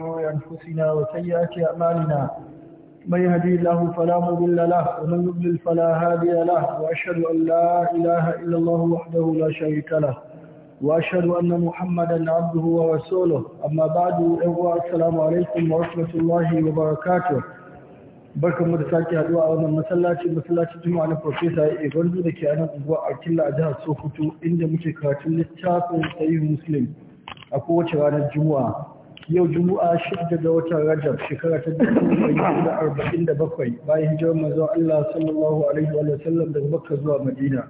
شرور أنفسنا وسيئات أعمالنا من يهدي الله فلا مضل له ومن يضلل فلا هادي له وأشهد أن لا إله إلا الله وحده لا شريك له وأشهد أن محمدا عبده ورسوله أما بعد السلام عليكم ورحمة الله وبركاته barkan mu da sake haduwa a wannan masallaci masallacin juma'a na profesa ya gwanzu da ke anan unguwa a killa a jihar sokoto inda muke karatun littafin sahihu muslim a kowace ranar juma'a yau juma'a shidda ga watan rajab shekara ta da arba'in da bakwai bayan hijirar manzon Allah sallallahu alaihi wa sallam daga Makka zuwa Madina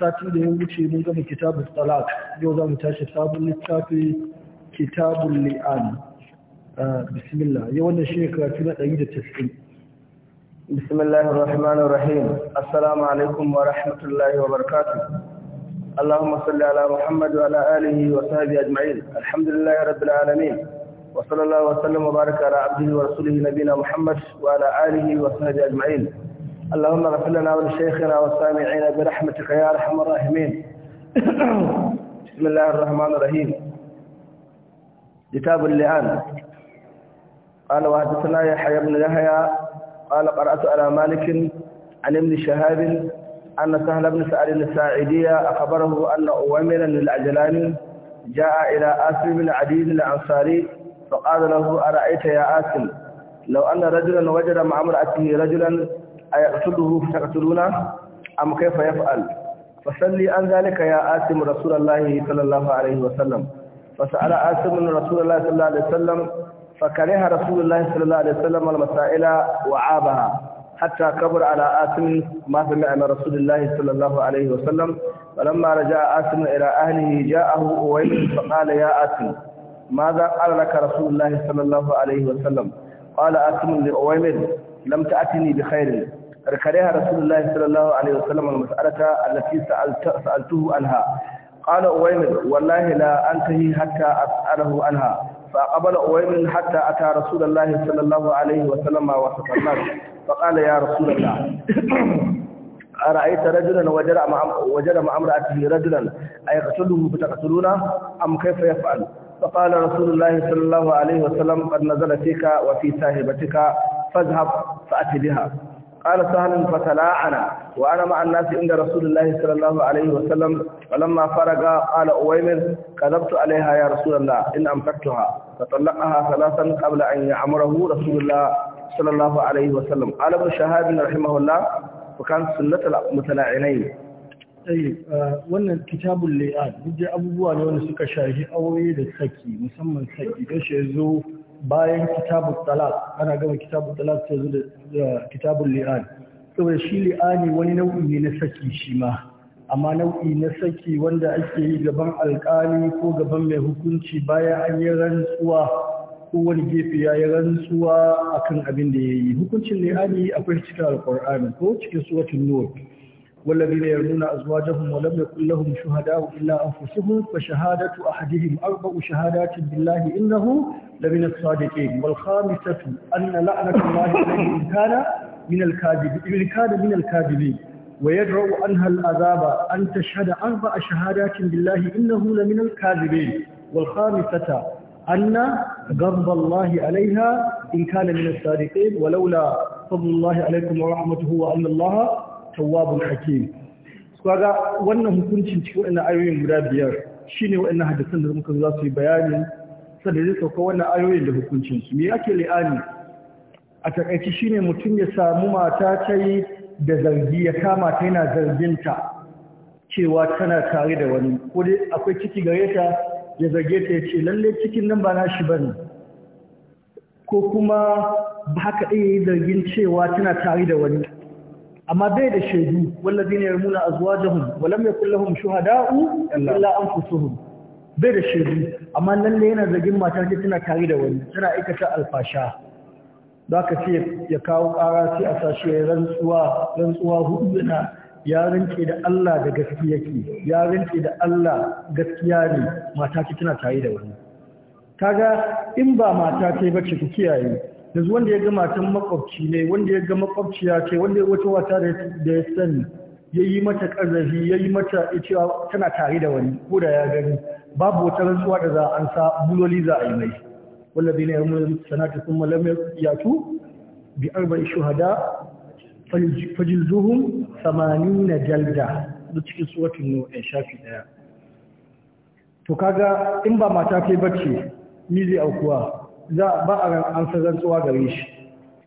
satin da ya wuce mun gama kitabul talaq yau za mu tashi sabon littafi kitabun li'an ah, bismillah yau wannan shine karatu na 190 bismillahir rahmanir rahim assalamu alaikum wa rahmatullahi wa barakatuh اللهم صل على محمد وعلى آله وصحبه أجمعين الحمد لله رب العالمين وصلى الله وسلم وبارك على عبده ورسوله نبينا محمد وعلى آله وصحبه أجمعين اللهم اغفر لنا ولشيخنا والسامعين برحمتك يا أرحم الراحمين بسم الله الرحمن الرحيم كتاب اللعان قال وحدثنا يحيى بن يحيى قال قرأت على مالك عن ابن شهاب أن سهل بن سعد الساعدية أخبره أن أوامرا للعجلان جاء إلى آسر بن عديد الأنصاري فقال له أرأيت يا عاصم لو أن رجلا وجد مع امرأته رجلا أيقتله فتقتلونه أم كيف يفعل فصلي عن ذلك يا عاصم رسول الله صلى الله عليه وسلم فسأل عاصم رسول الله صلى الله عليه وسلم فكره رسول الله صلى الله عليه وسلم المسائل وعابها حتى كبر على عاصم ما سمع من رسول الله صلى الله عليه وسلم فلما رجع عاصم إلى أهله جاءه أويل فقال يا عاصم ماذا قال لك رسول الله صلى الله عليه وسلم قال أتم لأوامر لم تأتني بخير ركرها رسول الله صلى الله عليه وسلم المسألة التي سألت سألته عنها قال أويمر والله لا أنتهي حتى أسأله عنها فقبل أويمر حتى أتى رسول الله صلى الله عليه وسلم وسلم فقال يا رسول الله أرأيت رجلا وجد مع امرأته رجلا أيقتله فتقتلونه أم كيف يفعل فقال رسول الله صلى الله عليه وسلم قد نزل فيك وفي ساهبتك فاذهب فأت بها قال سهل فتلاعنا وأنا مع الناس عند رسول الله صلى الله عليه وسلم ولما فرغ قال أويمر كذبت عليها يا رسول الله إن أمسكتها فطلقها ثلاثا قبل أن يعمره رسول الله صلى الله عليه وسلم قال ابن شهاب رحمه الله وكان سنة المتلاعنين tsaye wannan kitabun lai'ad duk abubuwa ne wanda suka shahi aure da saki musamman saki don shi zo bayan kitabun tsala. ana gama kitabun tsala sai zo da kitabun lai'ad saboda shi li'ani wani nau'i ne na saki shi ma amma nau'i na saki wanda ake yi gaban alkali ko gaban mai hukunci bayan an yi rantsuwa ko wani gefe ya yi rantsuwa akan abin da ya yi hukuncin li'ani akwai cikin alkur'ani ko cikin suratun nur والذين يرمون أزواجهم ولم يكن لهم شهداء إلا أنفسهم فشهادة أحدهم أربع شهادات بالله إنه لمن الصادقين والخامسة أن لعنة الله عليه إن كان من الكاذبين إن كان من الكاذبين ويدرأ عنها العذاب أن تشهد أربع شهادات بالله إنه لمن الكاذبين والخامسة أن غضب الله عليها إن كان من الصادقين ولولا فضل الله عليكم ورحمته وأن الله tawwabul hakim kaga wannan hukuncin cikin wannan ayoyin guda biyar shine wannan hadisan da muka za su yi bayani sada zai sauka wannan ayoyin da hukuncin su me ake li'ani a takaici shine mutum ya samu mata ta da zargi ya kama ta yana ta cewa tana tare da wani ko dai akwai ciki gare ta ya zage ta ya ce lalle cikin nan ba nashi bane ko kuma ba haka ɗaya yi zargin cewa tana tare da wani amma bai da shaidu wallazina yarmuna azwajahum wa lam yakul lahum shuhada'u illa anfusuhum bai da shaidu amma lalle yana zagin mata ta tana tare da wani tana aikata alfasha za ka ce ya kawo kara sai a sashi ya rantsuwa rantsuwa hudu yana ya rinke da Allah da gaskiya ke ya rinke da Allah gaskiya ne mata ta tana tare da wani kaga in ba mata ta ba ce ku kiyaye yanzu wanda ya ga matan makwabci ne wanda ya ga makwabciya ce wanda ya wata wata da ya sani ya yi mata ƙarzafi ya yi mata cewa tana tare da wani ko da ya gani babu wata rantsuwa da za a ansa buloli za a yi mai zai yi mai sanata sun malamai yatu bi arba'i shuhada samani na jalda duk cikin suratul nur ya eh, shafi ɗaya to kaga in ba mata yi bacci ni zai aukuwa za a ba a an sazantsuwa gare shi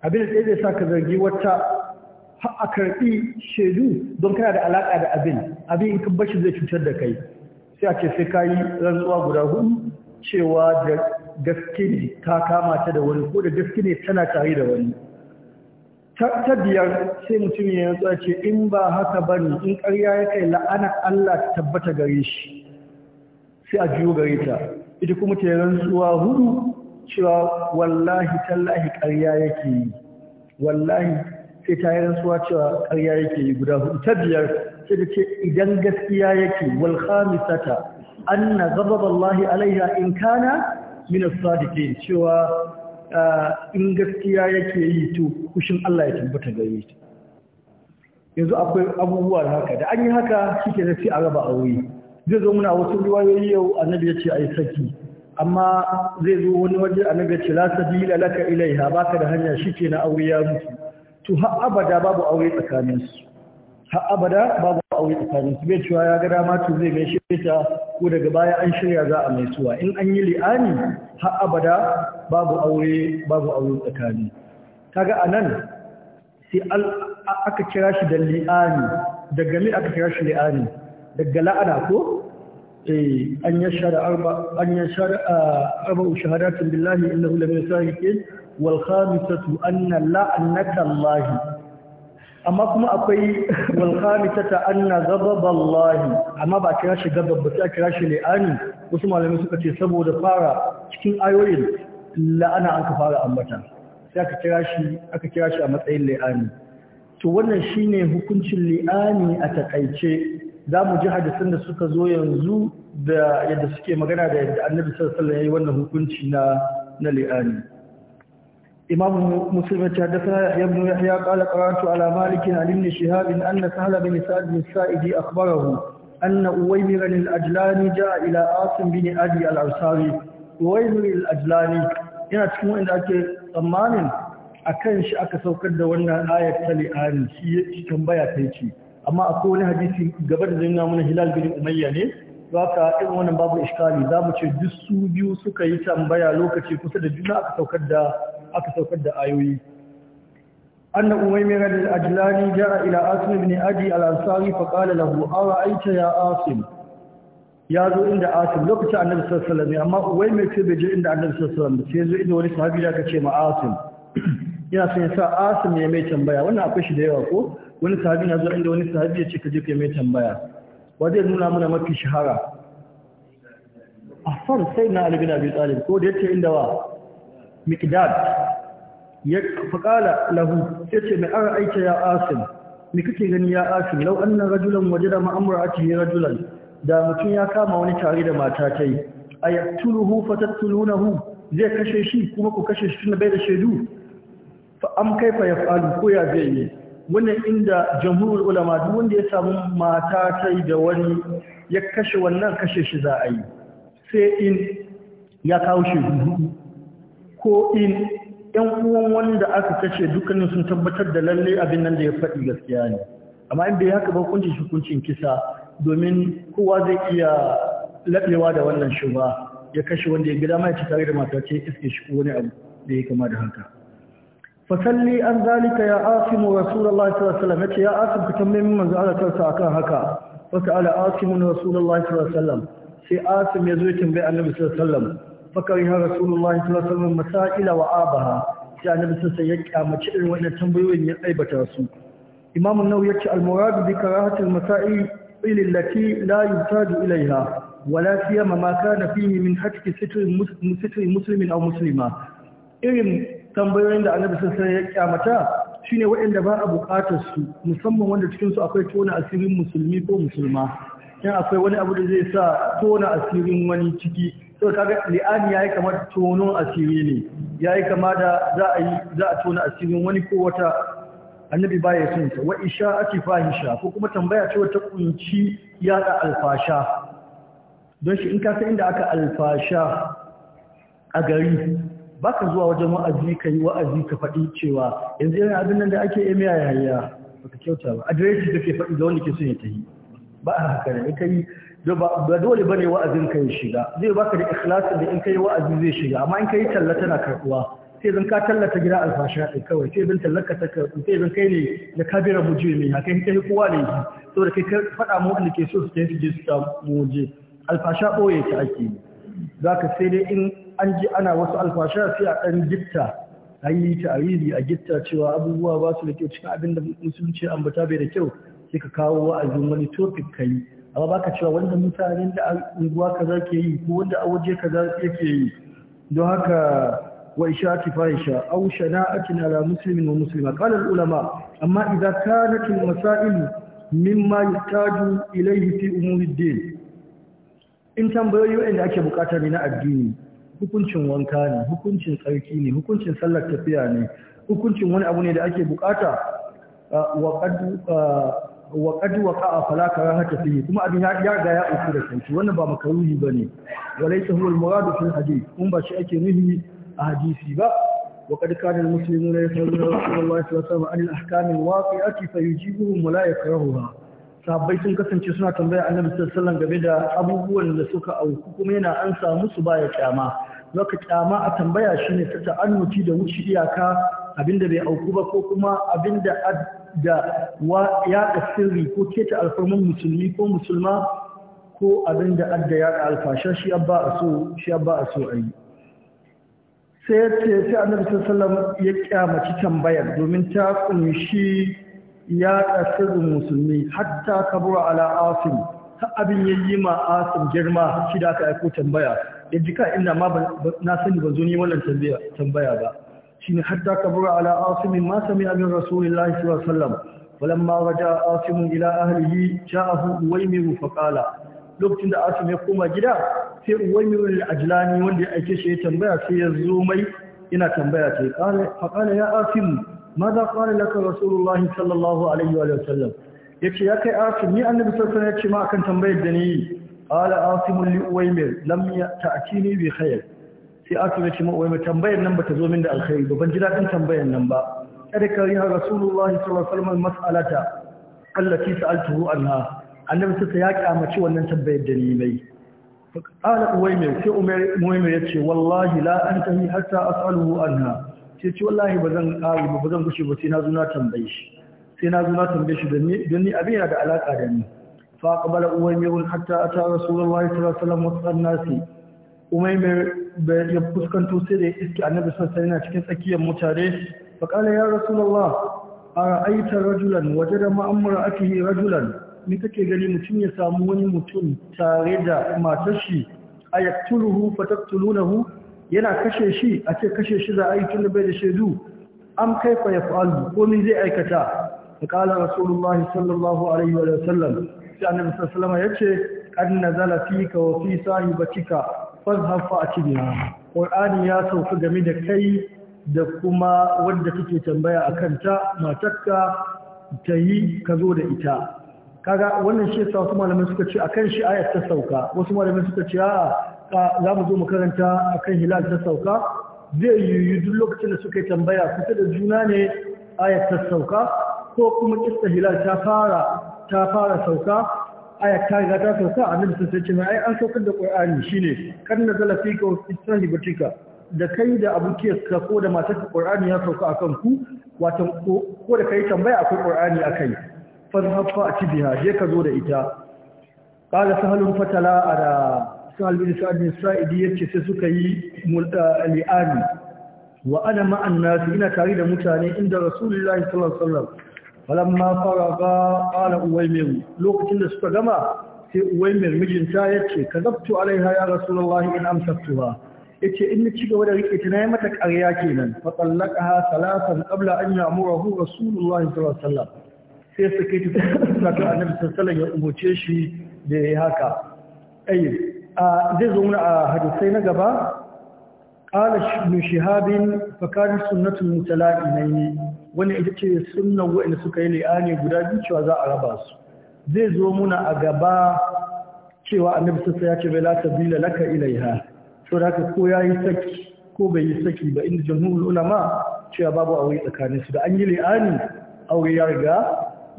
abin da zai sa ka zargi wata a karɓi shaidu don kana da alaƙa da abin abin in zai cutar da kai sai a ce sai ka yi rantsuwa guda hudu cewa da gaske ne ka kama ta da wani ko da gaske ne tana tare da wani ta biyar sai mutum ya rantsuwa ce in ba haka ba ne in ƙarya ya kai la'ana Allah ta tabbata gare shi sai a juyo gare ta ita kuma ta rantsuwa hudu cewa wallahi tallahi ƙarya yake yi wallahi sai ta yi rantsuwa cewa ƙarya yake yi guda hudu ta biyar sai da ce idan gaskiya yake wal khamisata anna ghadaballahi alaiha in kana min as-sadiqin cewa in gaskiya yake yi to kushin Allah ya tabbata gare yanzu akwai abubuwa haka da an yi haka shike sai a raba aure zai zo muna wasu riwayoyi yau annabi ya ce yi saki amma zai zo wani waje a naga ce la sabila laka ilaiha baka da hanya shike na aure ya mutu to har abada babu aure tsakanin su har abada babu aure tsakanin su bai cewa ya ga dama to zai mai shi ta ko daga baya an shirya za a mai suwa in an yi li'ani har abada babu aure babu aure tsakani kaga anan sai aka kira shi da li'ani daga me aka kira shi li'ani daga la'ana ko أن يشهد أربع أن يشهد أربع شهادات بالله إنه لمن الصادقين والخامسة أن لعنة الله amma kuma akwai walqamitata anna ghadaballahi amma ba kira shi ghadab ba sai kira shi li'ani wasu malamai suka ce saboda fara cikin ayoyin la'ana an ka fara ambata sai aka kira shi a matsayin li'ani to wannan shine hukuncin li'ani a takaice zamu ji hadisin da suka zo yanzu da yadda suke magana da yadda annabi sallallahu alaihi wasallam wannan hukunci na na li'ani imam muslim ya hadathana ibn yahya qala qara'tu ala malik an ibn shihab anna sahla bin sa'd bin sa'id akhbarahu anna uwaymir al-ajlani ja'a ila asim bin adi al-ansari uwaymir al-ajlani yana cikin wanda ake tsammanin akan shi aka saukar da wannan ayat ta li'ani shi tambaya yi ci. amma akwai wani hadisi gaba da zai nuna mana hilal bin umayya ne ka irin wannan babu iskali za mu ce duk su biyu suka yi tambaya lokaci kusa da juna aka saukar da aka saukar da ayoyi. أن أميمر الأجلاني جاء إلى عاصم بن أبي الأنصاري awa له أرأيت يا عاصم ya zo inda asim lokacin annabi sallallahu alaihi wasallam amma wai mai ce bai je inda annabi sallallahu alaihi wasallam sai zo inda wani sahabi da ce ma asim yana son ya sa asim ya mai tambaya wannan akwai shi da yawa ko wani sahabi na zo inda wani sahabi ya ce ka je ka mai tambaya wa zai nuna mana mafi shahara a son sai na albina bin tsalin ko da ya inda wa mikdad ya faƙala lahu ya ce mai ara aiki ya asin. mai kake gani ya asin. lau annan rajulan waje da ma'amura a cikin rajulan da mutum ya kama wani tare da mata ta yi a na fatattulunahu zai kashe shi kuma ku kashe shi tun bai da shaidu fa ya falu ko ya zai yi wannan inda jamhurul ulama duk wanda ya samu mata tai da wani ya kashe wannan kashe shi za a yi sai in ya kawo shi ko in ɗan uwan wanda aka kashe dukkanin sun tabbatar da lalle abin nan da ya faɗi gaskiya ne amma in bai haka ba kunci hukuncin kisa domin kowa zai iya laɓewa da wannan shuba ya kashe wanda ya gida mai cikari tare da mata ce iske shi ko wani abu da ya kama da haka fasalli an zalika ya asimu rasulullahi sallallahu alaihi wasallam yace ya asim ka tambaye min manzo Allah kansa akan haka wa ta'ala asimu rasulullahi sallallahu alaihi wasallam sai asim ya zo ya tambaye annabi sallallahu alaihi wasallam fakariha rasulullahi sallallahu alaihi wasallam masaila wa abaha sai annabi ya kyamaci irin wannan tambayoyin ya aibata su imamu nawawi yace al-murad bi karahatil masail التي لا يحتاج إليها ولا سيما ما كان فيه من حتك ستر irin tambayoyin da annabi sun sanya ya kyamata shine waɗanda ba a buƙatar su musamman wanda cikinsu akwai tona asirin musulmi ko musulma yan akwai wani abu da zai sa tona asirin wani ciki sau kaga li'ani yi kamar tonon asiri ne ya yi kama da za a yi za a tona asirin wani ko wata annabi baya sun ta wa isha'ati fahisha ko kuma tambaya ce wata kunci yada alfasha don shi in ka san inda aka alfasha a gari ba ka zuwa wajen wa'azi ka yi wa'azi ka faɗi cewa yanzu yana abin nan da ake yi ya yaya ba ka kyauta ba adireshi da ke faɗi ga wanda ke son ya ta yi ba a haka ne ka yi ba dole ba ne wa'azin ka ya shiga zai baka da ikhlasin da in ka yi wa'azi zai shiga amma in ka yi talla tana karɓuwa sai zan ka tallata gida alfasha ɗin kawai sai zan tallaka ta karɓu sai zan kai ne da kabira mujirmi a kai yi kowa ne saboda kai faɗa mu wanda ke so su ta yi su je su samu muje alfasha ɓoye ta ake yi za ka sai dai in an ji ana wasu alfasha sai a ɗan gitta a yi ta'ariri a gitta cewa abubuwa ba su da kyau cikin abin da musulunci bata bai da kyau sai ka kawo wa'azin wani topic ka yi amma baka cewa wanda mutanen da unguwa kaza ke yi ko wanda a waje kaza yake yi don haka wa ishati fahisha aw shana'atin ala muslimin wa muslima qala al ulama amma idza kanat al masail mimma yahtaju ilayhi fi umuri din in tambayoyi wanda ake bukata ne na addini hukuncin wanka ne hukuncin tsarki ne hukuncin sallar tafiya ne hukuncin wani abu ne da ake bukata wa qad waqa'a fala karahata fihi kuma abin ya ga ya uku da kanki wannan ba makaruhi bane walaysa huwa al-muradu fil hadith kun ba shi ake nuhi a hadisi ba وقد كان المسلمون يسألون رسول الله صلى الله عليه وسلم عن الأحكام الواقعة فيجيبهم ولا يكرهها sahabbai sun kasance suna tambaya annabi sallallahu alaihi wasallam game da abubuwan da suka auku kuma yana ansa musu baya kyama zaka kyama a tambaya shine ta ta'annuci da wuce iyaka abinda bai auku ba ko kuma abinda da wa ya sirri ko keta alfarman musulmi ko musulma ko abinda adda ya alfasha shi abba a so shi abba a so ayi sai yace sai annabi sallallahu alaihi ya kyamaci tambayar domin ta kunshi ya sirrin musulmi hatta kabura ala asim ta abin yayi ma asim girma shi da aka aiko tambaya ya ji ka ina ma na sani ba zo ni wannan tambaya ba shine hatta kabura ala asimin ma sami abin rasulullahi sallallahu alaihi wasallam falamma raja asimun ila ahlihi ja'ahu uwaymiru faƙala. lokacin da asim ya koma gida sai uwaymiru al-ajlani wanda ya aike shi ya tambaya sai ya zo mai ina tambaya sai qala faqala ya asim ماذا قال لك رسول الله صلى الله عليه وآله وسلم yace ya kai asim ni annabi sallallahu alaihi wasallam yace ma akan tambayar da ni qala asim li uwaymir lam ta'tini bi khair sai asim ya ce ma uwaymir tambayar nan bata zo min da alkhairi ba ban ji dadin tambayar nan ba kada kari ha rasulullahi sallallahu alaihi wasallam mas'alata allati sa'altuhu anha annabi sai ya kyamaci wannan tambayar da ni mai qala uwaymir sai uwaymir ya ce wallahi la antahi hatta as'aluhu anha sai ce wallahi ba zan ƙari ba zan gushe ba sai na zo na tambaye shi sai na zo na tambaye shi don ni abin yana da alaƙa da ni فأقبل أمير حتى أتى رسول الله صلى الله عليه وسلم وسط الناس أمير يبقسكن توسيري إسكي عن نبي صلى الله عليه وسلم تكن سكيا متاري فقال يا رسول الله أرأيت رجلا وجد ما أمرأته رجلا نكك غني متن يساموني متن تاريدا ما تشي أيقتله فتقتلونه yana kashe shi a ce kashe shi za a yi tun da bai da shaidu an kaifa ya fa'alu komi zai aikata da ƙala rasulullahi sallallahu alaihi wa sallam sai annabi sallallahu alaihi wasallam yace an nazala fika wa fi sahibatika fazhab fa atibina qur'ani ya sauka game da kai da kuma wanda kake tambaya akan ta matakka ta yi ka zo da ita kaga wannan shi yasa wasu malamai suka ce akan shi ayat ta sauka wasu malamai suka ce a'a za mu zo mu karanta akan hilal ta sauka zai yiwu duk lokacin da suka yi tambaya kusa da juna ne ayat ta sauka ko kuma kista hilal ta fara ta fara sauka aya ta riga ta sauka annabi sai ce ai an saukar da Qur'ani shine kan nazala fika wa sahibatika da kai da abukiyarka ko da matarka Qur'ani ya sauka akan ku wato ko da kai tambaya akwai Qur'ani akai fa hafa a biha je ka zo da ita qala sahlun fatala ala sahal bin sa'id bin sa'idi yace sai suka yi eh, li'ani wa ana ma'an nas ina tare da mutane inda rasulullahi sallallahu alaihi wasallam falamma faraga qala uwaymir lokacin da suka gama sai uwaymir mijinta yace kazabtu alaiha ya rasulullah in amsaktuha yace in ci gaba da rike ta nayi mata ƙarya kenan fa tallaqaha salasan qabla an ya'murahu rasulullah sallallahu alaihi wasallam sai suke ta sallallahu alaihi ya umurce shi da yayi haka ayi zai zo a hadisai na gaba قال ابن شهاب فكان سنة المتلائمين wannan ita ce sunan wa'ina suka yi li'ani guda biyu cewa za a raba su zai zo muna a gaba cewa annabi sassa ya ce bai la sabila laka ilaiha to da ko yayi saki ko bai yi saki ba inda jamhun ulama cewa babu aure tsakanin su da an yi li'ani aure ya riga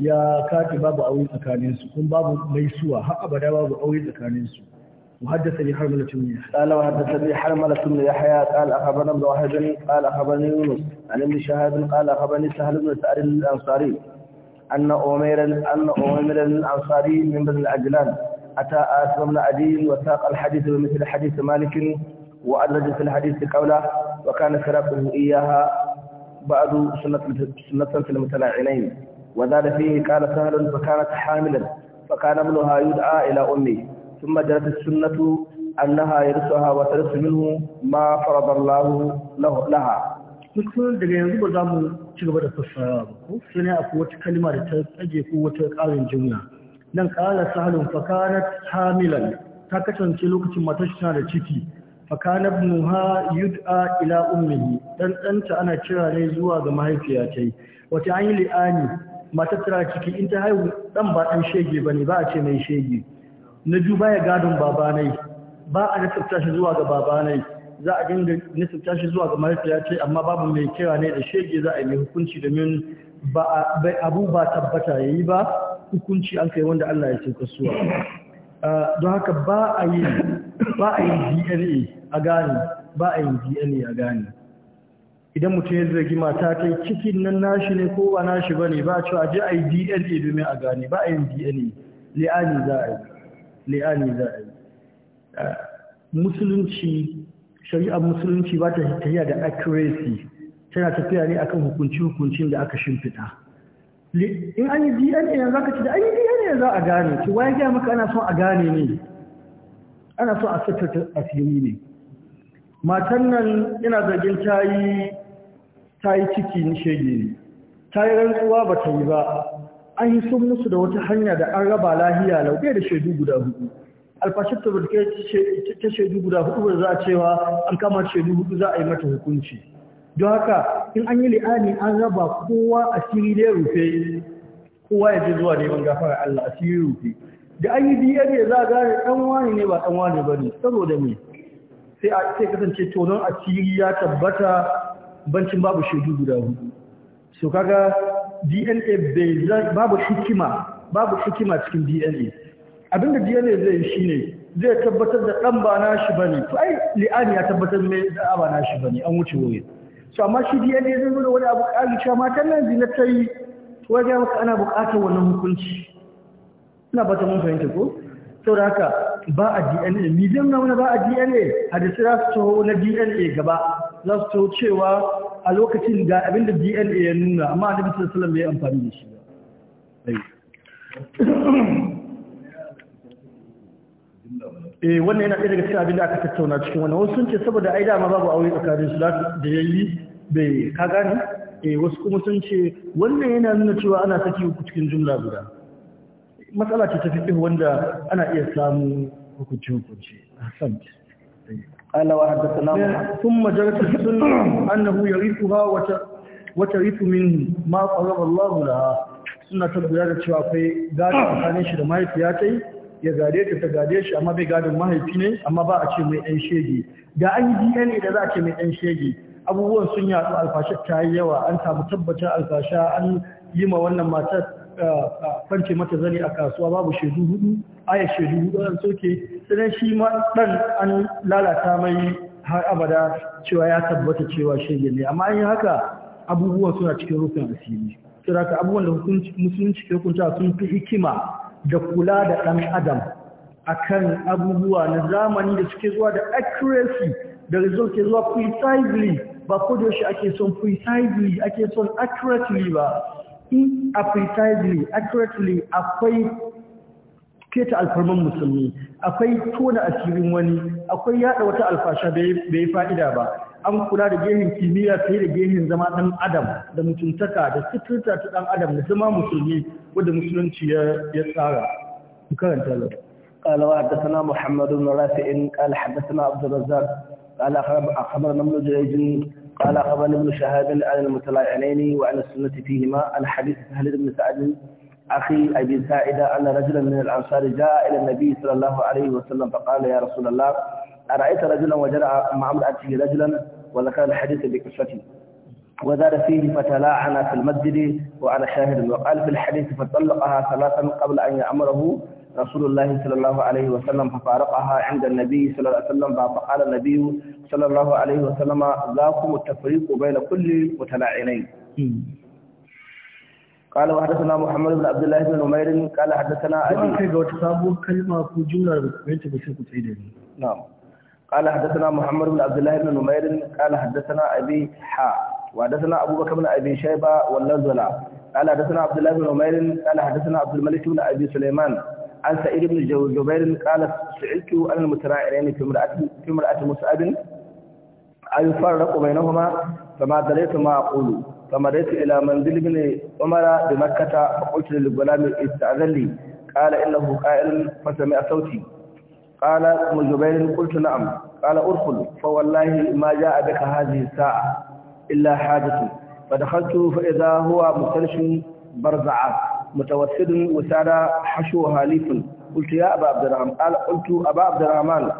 ya kati babu aure tsakanin kun babu mai suwa har abada babu aure tsakanin su وحدثني حرملة بن يحيى قال وحدثني حرملة بن يحيى قال أخبرنا ابن وهب قال أخبرني يونس عن ابن شهاب قال أخبرني سهل بن سعد الأنصاري أن أمير أن أمير الأنصاري من بني العجلان أتى آسم بن عدي وساق الحديث بمثل حديث مالك وأدرج في الحديث قوله وكان فراقه إياها بعض سنة سنة في المتلاعنين وذال فيه قال سهل فكانت حاملا فكان ابنها يدعى إلى أمه ثم جرت السنة أنها يرثها وترس منه ما فرض الله له لها kun daga yanzu ba za mu ci gaba da fassara ba ko sai ne akwai wata kalma da ta tsage ko wata ƙarin jumla nan ƙara sahalun fakanat hamilan ta kasance lokacin matar tana da ciki fakanat Muha yud'a ila ummihi dan danta ana kira ne zuwa ga mahaifiya ta yi wata an yi li'ani matar tana ciki in ta haihu dan ba dan shege bane ba a ce mai shege na biyu baya gadon baba ne ba a nasabta shi zuwa ga baba ne za a dinga nasabta shi zuwa ga mahaifiya ce amma babu mai kira ne da shege za a yi mai hukunci domin ba abu ba tabbata ya yi ba hukunci an kai wanda Allah ya ce kasuwa don haka ba a yi ba a yi DNA a gane ba a yi DNA a gane idan mutum ya zargi mata ta yi cikin nan nashi ne ko ba nashi ne ba cewa je a yi DNA domin a gane ba a yi DNA li'ani za a yi li'ani za a yi musulunci shari'ar musulunci ba ta tafiya da accuracy tana tafiya ne akan hukunci-hukuncin da aka shimfiɗa in an yi dna yanzu aka ce da an yi dna za a gane ce waya gaya maka ana son a gane ne ana son a sattata asiri ne matan nan yana zargin ta yi ciki ni shege ne ta yi rantsuwa ba ta yi ba an yi sun musu da wata hanya da an raba lahiya lauke da shaidu guda hudu alfashin ta shaidu guda hudu da za a cewa an kama shaidu hudu za a yi mata hukunci don haka in an yi li'ani an raba kowa asiri ne rufe kowa ya je zuwa neman gafara Allah asiri rufe da an yi biyar za a gane ɗan wani ne ba ɗan wani ba ne saboda me sai a sai kasance tonon asiri ya tabbata bancin babu shaidu guda hudu so kaga DNA bai babu hikima babu hikima cikin DNA abinda DNA zai yi shine zai tabbatar da dan ba nashi bane to ai li'ani ya tabbatar mai da ba nashi bane an wuce wuri to amma shi DNA zai nuna wani abu kali cewa matan nan zina tayi to ga maka ana buƙatar wannan hukunci ina ba ta mun fahimta ko saboda haka ba a DNA ni zai nuna wani ba a DNA A? da su taho na DNA gaba za su taho cewa a lokacin ga abin da DNA ya nuna amma a nabi sallallahu yi amfani da shi ba. Eh, wannan yana ɗaya daga cikin abin da aka tattauna cikin wannan wasu sun ce saboda ai dama babu aure tsakanin su da yi bai ka gane eh, wasu kuma sun ce wannan yana nuna cewa ana saki ku cikin jumla guda matsala ce ta fiƙi wanda ana iya samu hukunci hukunci hassan قال وحدثنا ثم جرت السنة أنه يرثها وترث منه ما maƙon rabar لها suna ta guda da cewa akwai a tsakanin shi da mahaifi ya ta yi ya gade ta ta gade shi amma bai gadon mahaifi ne amma ba a ce mai ɗan shege da an yi dna da za a ce mai ɗan shege abubuwan sun yaɗu alfasha ta yi yawa an samu tabbatar alfasha an yi ma wannan matar aka mata zane a kasuwa babu shaidu hudu aya shaidu hudu an soke sai shi ma dan an lalata mai har abada cewa ya tabbata cewa shege ne amma yi haka abubuwan suna cikin rufin asiri saboda abubuwan da musulunci ke hukunta sun fi hikima da kula da dan adam akan abubuwa na zamani da suke zuwa da accuracy da result ke zuwa precisely ba ko da yaushe ake son precisely ake son accurately ba in a precisely accurately akwai keta alfarman musulmi akwai tona asirin wani akwai yada wata alfasha bai fa'ida ba an kula da gehin kimiyya sai da gehin zama dan adam da mutuntaka da suturta ta dan adam da zama musulmi wanda musulunci ya tsara karanta da قال وحدثنا محمد بن رافع قال حدثنا عبد الرزاق قال أخبرنا ابن جريج قال أخبرني ابن شهاب عن المتلاعنين وعن السنة فيهما عن حديث سهل بن سعد أخي أبي ساعدة أن رجلا من الأنصار جاء إلى النبي صلى الله عليه وسلم فقال يا رسول الله أرأيت رجلا وجرى مع امرأته رجلا وذكر الحديث بقصته وزاد فيه فتلاعن في المسجد وعلى شاهد وقال في الحديث فطلقها ثلاثا قبل أن يأمره رسول الله صلى الله عليه وسلم ففارقها عند النبي صلى الله عليه وسلم فقال النبي صلى الله عليه وسلم ذاكم التفريق بين كل متلاعنين قال وحدثنا محمد بن عبد الله بن عمير قال حدثنا ابي كيف وتصابوا كلمه في جمله بنت بشير تعيدني نعم قال حدثنا محمد بن عبد الله بن نمير قال حدثنا ابي حا وحدثنا ابو بكر بن ابي شيبه واللزلا قال حدثنا عبد الله بن نمير قال حدثنا عبد الملك بن ابي سليمان عن سعيد بن جبير قال سئلت عن المتراعين في امرأة في امرأة مصعب أيفرق بينهما فما دريت ما أقول فمريت إلى منزل بن عمر بمكة فقلت للغلام استأذن لي قال إنه قائل فسمع صوتي قال ابن جبير قلت نعم قال أرخل فوالله ما جاء بك هذه الساعة إلا حاجة فدخلت فإذا هو مفترش برزعات متوسد وسادة حشو هاليف قلت يا أبا عبد الرحمن قال قلت أبا عبد الرحمن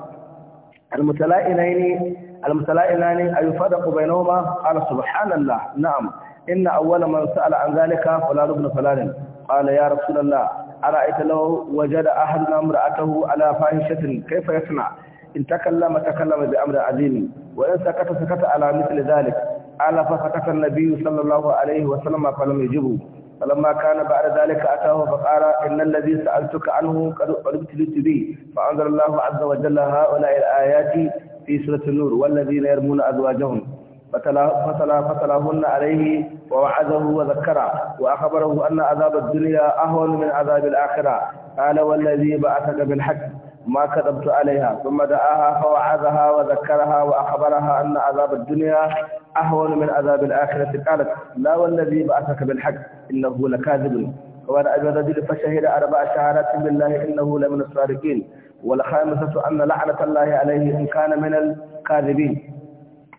المتلائمين المتلائنين أيفرق بينهما قال سبحان الله نعم إن أول من سأل عن ذلك فلان بن فلان قال يا رسول الله أرأيت لو وجد أحدنا امرأته على فاحشة كيف يصنع إن تكلم تكلم بأمر عظيم وإن سكت سكت على مثل ذلك قال فسكت النبي صلى الله عليه وسلم فلم يجبه فلما كان بعد ذلك أتاه فقال إن الذي سألتك عنه قد ابتليت به فأنزل الله عز وجل هؤلاء الآيات في سورة النور والذين يرمون أزواجهم فتلا فتلاهن عليه ووعده وذكره وأخبره أن عذاب الدنيا أهون من عذاب الآخرة قال والذي بعثك بالحق ما كذبت عليها ثم دعاها فوعظها وذكرها وأخبرها أن عذاب الدنيا أهون من عذاب الآخرة قالت لا والذي بعثك بالحق إنه لكاذب وأنا أبي الرجل فشهد أربع شهادات بالله إنه لمن الصادقين والخامسة أن لعنة الله عليه إن كان من الكاذبين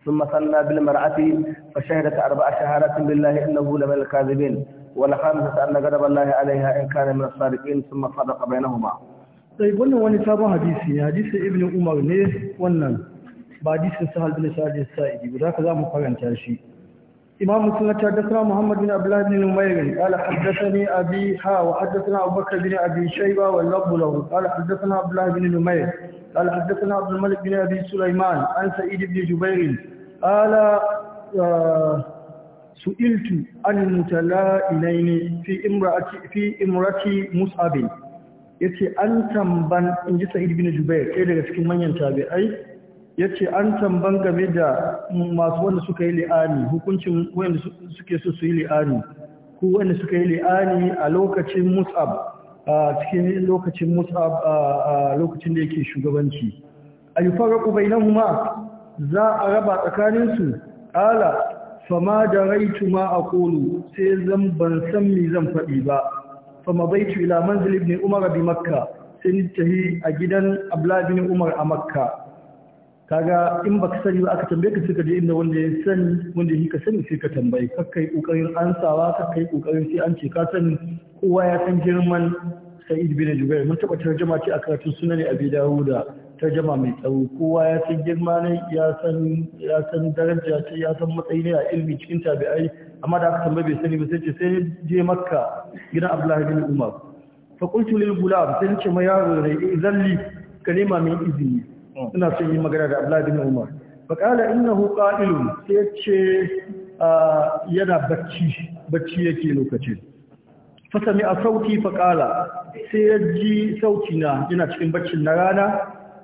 ثم صلى بالمرأة فشهدت أربع شهادات بالله إنه لمن الكاذبين والخامسة أن غضب الله عليها إن كان من الصادقين ثم صدق بينهما sai wannan wani sabon hadisi ne hadisi ibn umar ne wannan ba hadisin sahal bin sa'id sa'idi ba zaka zamu karanta shi imam sunna ta da sura muhammad bin abdullah bin umayr qala haddathani abi ha wa haddathana abubakar bin abi shayba wa labbulahu qala haddathana abdullah bin umayr qala haddathana abdul malik bin abi sulaiman an sa'id bin jubair qala uh, su'iltu an mutala ilayni fi imraati fi imraati mus'abin yace an tamban in ji sa'id bin jubair ɗaya daga cikin manyan tabi'ai yace an tamban game da masu wanda suka yi li'ani hukuncin wanda suke so su yi li'ani ko wanda suka yi li'ani a lokacin mus'ab a cikin lokacin mus'ab a lokacin da yake shugabanci ayyufarqu bainahuma za a raba tsakanin su ala fama da raitu ma aqulu sai zan ban san me zan faɗi ba fa mabaitu ila manzil ibn umar bi makka sai ni tahi a gidan abdullah ibn umar a makka kaga in baka sani ba aka tambaye ka sai ka je inda wanda ya sani wanda yake sani sai ka tambaye kakai kai kokarin ansawa kar kai kokarin sai an ce ka sani kowa ya san girman sa'id bin jubair mun taba tarjuma ce a karatun sunan abi dawuda tarjuma mai tsawo kowa ya san girma ne ya san ya san daraja ce ya san matsayi ne a ilmi cikin tabi'ai amma da aka tambaye sani ba sai ce sai je makka gidan abdullahi bin umar fa qultu lil gulam sai ce ma yaro ne izalli eh, kalima min izini ina son yin magana da abdullahi bin umar fa qala innahu qa'ilun sai ce ah, yana bacci bacci yake lokacin fa sami a sauti fa qala sai ya ji sauti na yana cikin baccin na rana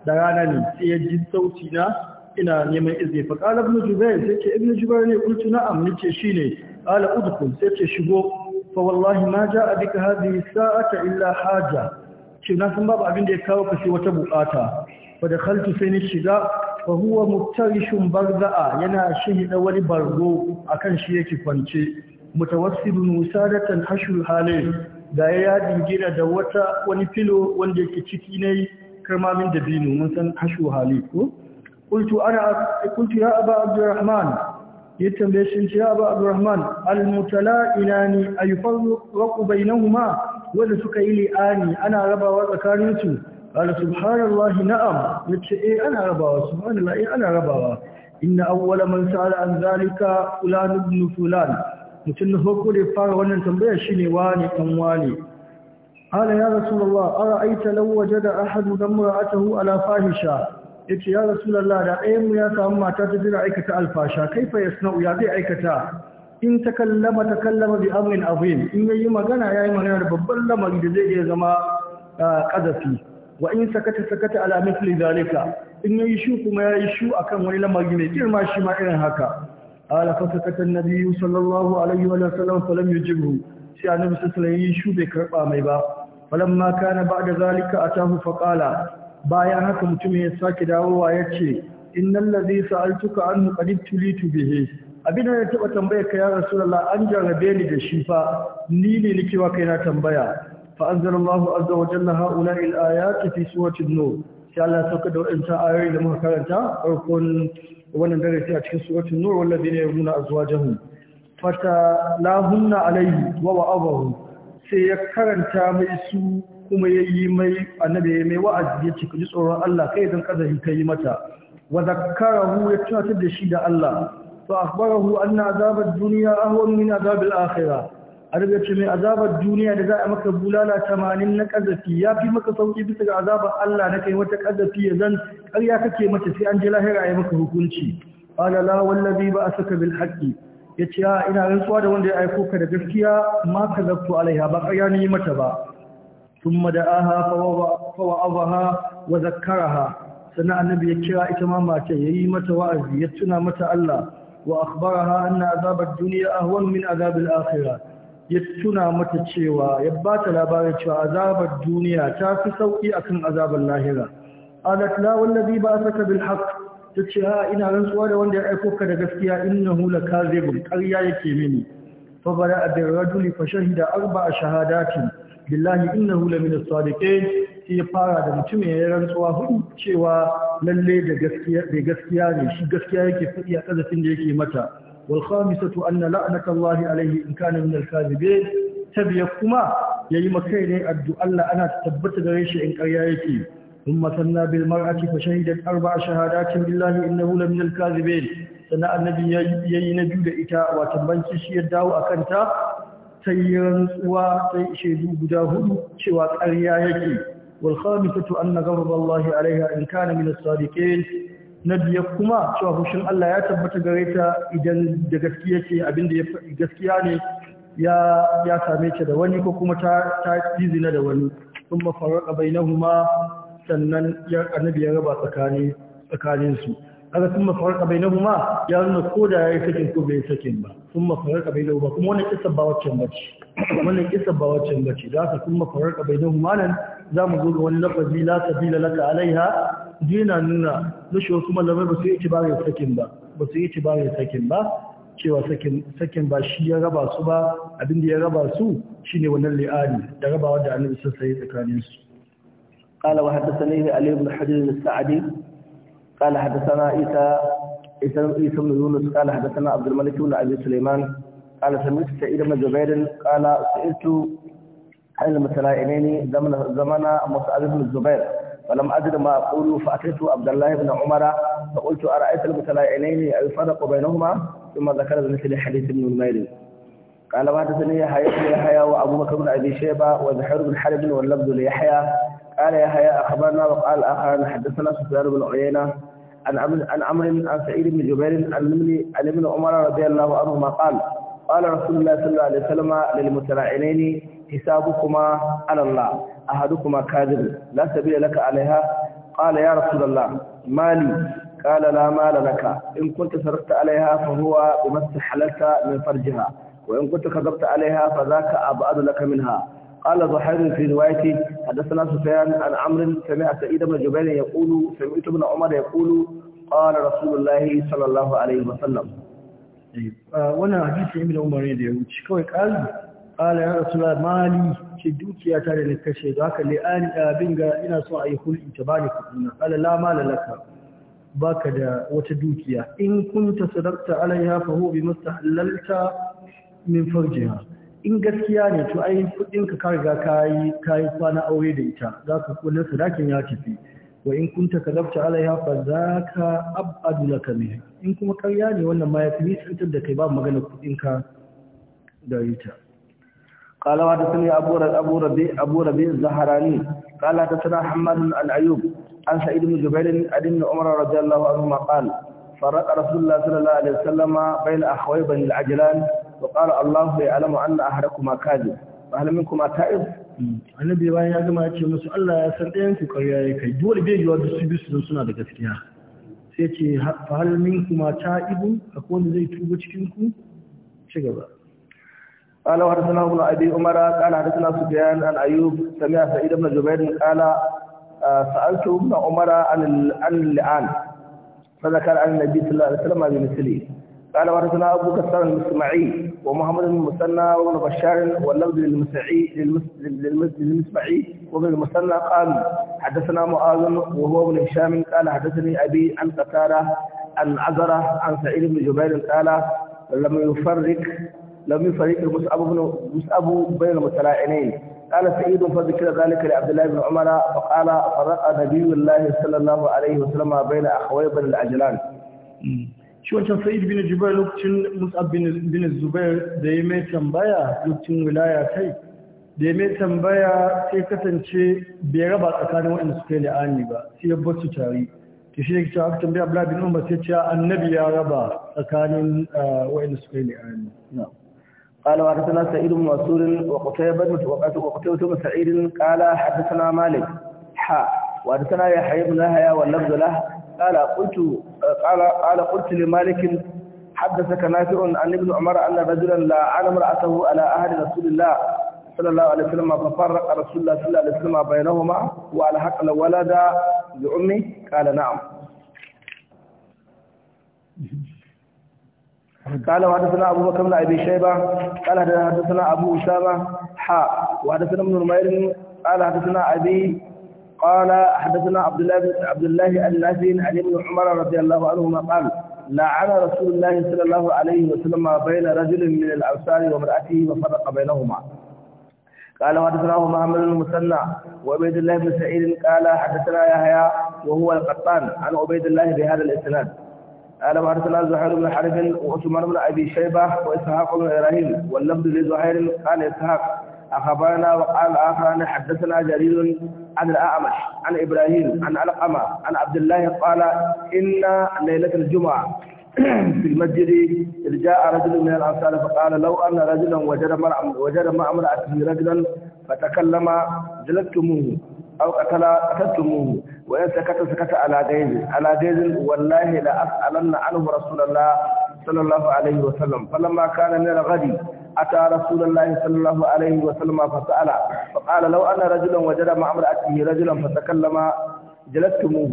da rana ne sai ya ji sauti na ina neman izini fa qala ibn jubair sai ce ibn jubair ne kultu na'am nace shine qala udkhul sai ce shigo fa wallahi ma jaa bika hadhihi sa'ata illa haja shi na san babu abin da ya kawo ka wata bukata fa dakhaltu sai ni shiga fa huwa muftarishun barza'a yana shihida wani bargo akan shi yake kwance mutawassilun wusadatan hashul hali da ya dingira da wata wani filo wanda yake ciki ne karmamin dabino mun san hashu hali ko قلت أنا قلت يا أبا عبد الرحمن يتم بشنش يا أبا عبد الرحمن المتلائلان أيفرق بينهما وذا سكيلي آني أنا ربا وذكارنتو قال سبحان الله نعم يتشئي أنا ربا سبحان الله إيه أنا ربا إن أول من سأل عن ذلك فلان بن فلان mutum farko da fara wannan tambaya shine wani kan wani ala ya rasulullah ara'aita law wajada ahadu damra'atahu ala fahisha ya ce ya rasulallah da ɗayanmu ya samu mata ta jira aikata alfasha kaifa ya sana'u ya zai aikata in ta kallama ta kallama bi amrin azim in yayi magana yayi magana da babban lamari da zai iya zama ah, ƙazafi. wa in sakata sakata ala mithli zalika in yayi shu kuma yi shu akan wani lamari mai girma shi ma irin haka ala fa sakata annabi sallallahu alaihi wa sallam falam yujibhu sai annabi sallallahu alaihi shu bai karɓa mai ba falamma kana ba'da zalika tafi faqala bayan haka mutumin ya sake dawowa ya ce innal ladhi sa'altuka an qad tulitu bihi abin da ya taba tambaya ka ya rasulullah an jarabe ni da shi fa ni ne nake kai na tambaya fa anzalallahu azza wa jalla haula'i al-ayati fi surati an sai Allah sauka da wadannan ayoyi da muka karanta farkon wannan darasi a cikin surati an-nur walladhina zuwa azwajahum fata lahunna alayhi wa wa'abahu sai ya karanta mai su kuma yayi mai annabi ya mai wa'azi ya ce ka ji tsoron Allah kai zan ka yi mata wa zakkarahu ya tunatar da shi da Allah To akhbarahu anna azab ad-dunya ahwan min azab al-akhirah arabiya ce mai azabar duniya da za a maka bulala tamanin na kazafi ya fi maka sauki bisa ga azabar Allah na kai wata kazafi ya zan ƙarya kake mata sai an ji lahira ya maka hukunci qala la wallazi ba asaka bil haqqi yace a ah, ina rantsuwa da wanda ya aiko ka da gaskiya ma kazabtu alaiha ba ƙarya ni mata ba ثم دعاها فوعظها وذكرها سنا النبي يكرا ايت ما ماته يي متا واعظ يتنا متا الله واخبرها ان عذاب الدنيا اهون من عذاب الاخره يتنا متا cewa يبات labarin cewa azabar duniya ta fi sauki akan azabar lahira alat la saka bilhak, bilhaq tace ha ina rantsuwa da wanda ya aika ka da gaskiya in innahu lakazibun qarya yake mini fa bara'a bi rajuli fa shahida arba'a shahadatin billahi innahu la min as-sadiqin sai ya fara da mutum ya rantsuwa hudu cewa lalle da gaskiya da gaskiya ne shi gaskiya yake fadi a kazafin da yake mata wal khamisatu anna la'nata Allah alayhi in kana min al-kadhibin tabiya kuma yayi makai ne addu'a Allah ana tabbata da shi in ƙarya yake ثم ثنى بالمرأة فشهدت أربع شهادات بالله إنه لمن الكاذبين سنة النبي ينجو لإتاء dawo a أكنتا ta yi rantsuwa ta ishe shaidu guda hudu cewa ƙarya yake walhamisatu an na gaba Allahi alaiha in kana min sadiqin na biya kuma cewa hushin Allah ya tabbata gare ta idan da gaskiya ce abinda ya gaskiya ne ya same ta da wani ko kuma ta ta izina da wani kuma farqa ma sannan ya annabi ya raba tsakaninsu. kaga sun mafarka bai nahu ma ya nuna ko da ya yi sakin ko bai sakin ba sun mafarka bai na kuma kuma wani kisa ba waccan bace wannan kisan ba waccan bace da haka sun mafarka bai nahu ma nan za mu zo ga wani lafazi la sabila laka alaiha na nuna na rushe wasu malamai ba su yi ba itibarin sakin ba ba su yi ba itibarin sakin ba cewa sakin ba shi ya raba su ba abin da ya raba su shine wannan li'ani da rabawa da annabi sun sai tsakanin su قال وحدثني علي بن حجر السعدي قال حدثنا عيسى عيسى بن يونس قال حدثنا عبد الملك بن أبي سليمان قال سمعت سعيد بن جبير قال سئلت عن المتلائمين زمن زمن مصعب بن الزبير فلم أدر ما أقول فأتيت عبد الله بن عمر فقلت أرأيت المتلائمين الفرق بينهما ثم ذكر مثل حديث ابن المير قال وحدثني يحيى بن يحيى وابو بكر بن ابي شيبه وزحير بن حرب واللفظ ليحيى قال يحيى أخبرنا وقال آخر حدثنا سفيان بن عيينة عن عن عمرو عن سعيد بن جبير عن ابن عمر رضي الله عنهما قال قال رسول الله صلى الله عليه وسلم للمتلاعنين حسابكما على الله أحدكما كاذب لا سبيل لك عليها قال يا رسول الله مالي قال لا مال لك إن كنت سرقت عليها فهو بما استحللت من فرجها وإن كنت كذبت عليها فذاك أبعد لك منها قال ظهير في روايته حدثنا سفيان عن عمرو سمع سعيد بن جبير يقول سمعت ابن عمر يقول قال رسول الله صلى الله عليه وسلم wannan hadisi ibn umar ne da ya wuce kawai kali kala ya rasula mali ce dukiya ta da na kashe da haka li'ani abin ga ina so a yi hulɗi ta bani kuɗina kala la mala laka baka da wata dukiya in kunta sadaqta alaiha fa huwa bi halarta min in gaskiya ne to ai kudin ka ka riga kai kai kwana aure da ita za zaka kudin sadakin ya tafi wa in kunta kadabta alaiha fa zaka abadu laka minha in kuma karya ne wannan ma ya fi tsantar da kai ba magana kudin ka da ita قال وحدثني أبو أبو ربيع أبو ربيع الزهراني قال حدثنا حماد عن أيوب عن سعيد بن جبير عن ابن عمر رضي الله عنهما قال فرق رسول الله صلى الله عليه وسلم بين أخوي بني العجلان وقال الله يعلم ان احدكما كاذب فهل منكم تائب annabi bayan ya gama ya ce musu Allah ya san ɗayan ku karya ya kai dole bai yiwuwa da su suna da gaskiya sai ce fahal min kuma ta ibu akwai wanda zai tuba cikin ku ci gaba qala wa hadathana ibn abi umara qala hadathana sufyan an ayyub sami'a sa'id ibn jubair qala ah, sa'altu ibn umara an al al fa dhakara an nabiy sallallahu alaihi wasallam bi mithli qala wa hadathana abu kasar al-musma'i ومحمد بن المثنى وابن بشار واللفظ للمسعي للمسمعي وابن المثنى قال حدثنا معاذ وهو ابن هشام قال حدثني أبي عن قتادة عن عذره عن سعيد بن جبير قال لم يفرق لم يفرق المصعب بن مصعب بين المتلاعنين قال سعيد فذكر ذلك لعبد الله بن عمر فقال فرق نبي الله صلى الله عليه وسلم بين أخوي بن العجلان shi wancan sa'id bin jubair lokacin mus'ab bin zubair da ya mai tambaya lokacin wilaya kai da ya mai tambaya sai kasance bai raba tsakanin waɗanda suka yi la'ani ba sai ya bar su tare to shi ne cewa tambaya abla bin umar sai cewa annabi ya raba tsakanin waɗanda suka yi la'ani قال وحدثنا سعيد بن مسعود وقتيبة وقتيبة بن سعيد قال حدثنا مالك حا وحدثنا يحيى بن يحيى واللفظ له قال قلت قال قال قلت لمالك حدثك نافع عن ابن عمر أن رجلا لعن امرأته على أهل رسول الله صلى الله عليه وسلم ففرق رسول الله صلى الله عليه وسلم بينهما وعلى حق الولد لأمي قال نعم قال وحدثنا أبو بكر بن أبي شيبة قال حدثنا أبو أسامة حاء وحدثنا ابن نمير قال حدثنا أبي قال حدثنا عبد الله بن عبد الله النافع عن ابن عمر رضي الله عنهما قال لعن رسول الله صلى الله عليه وسلم بين رجل من الأنصار وامرأته وفرق بينهما قال حدثنا محمد بن المثنى وعبيد الله بن سعيد قال حدثنا يحيى وهو القطان عن عبيد الله بهذا الاسناد قال حدثنا زهير بن حرب وعثمان بن ابي شيبه واسحاق بن ابراهيم واللفظ لزهير قال اسحاق اخبرنا وقال اخر حدثنا جرير عن الأعمش عن إبراهيم عن علقمة عن عبد الله قال إن ليلة الجمعة في المسجد إذ جاء رجل من الأنصار فقال لو أن رجلا وجد مع وجد مع امرأته رجلا فتكلم جلدتموه أو قتل قتلتموه وإن سكت سكت على جيز على جيز والله لأسألن عنه رسول الله صلى الله عليه وسلم فلما كان من الغد أتى رسول الله صلى الله عليه وسلم فسأل فقال لو أن رجلا وجد مع امرأته رجلا فتكلم جلستموه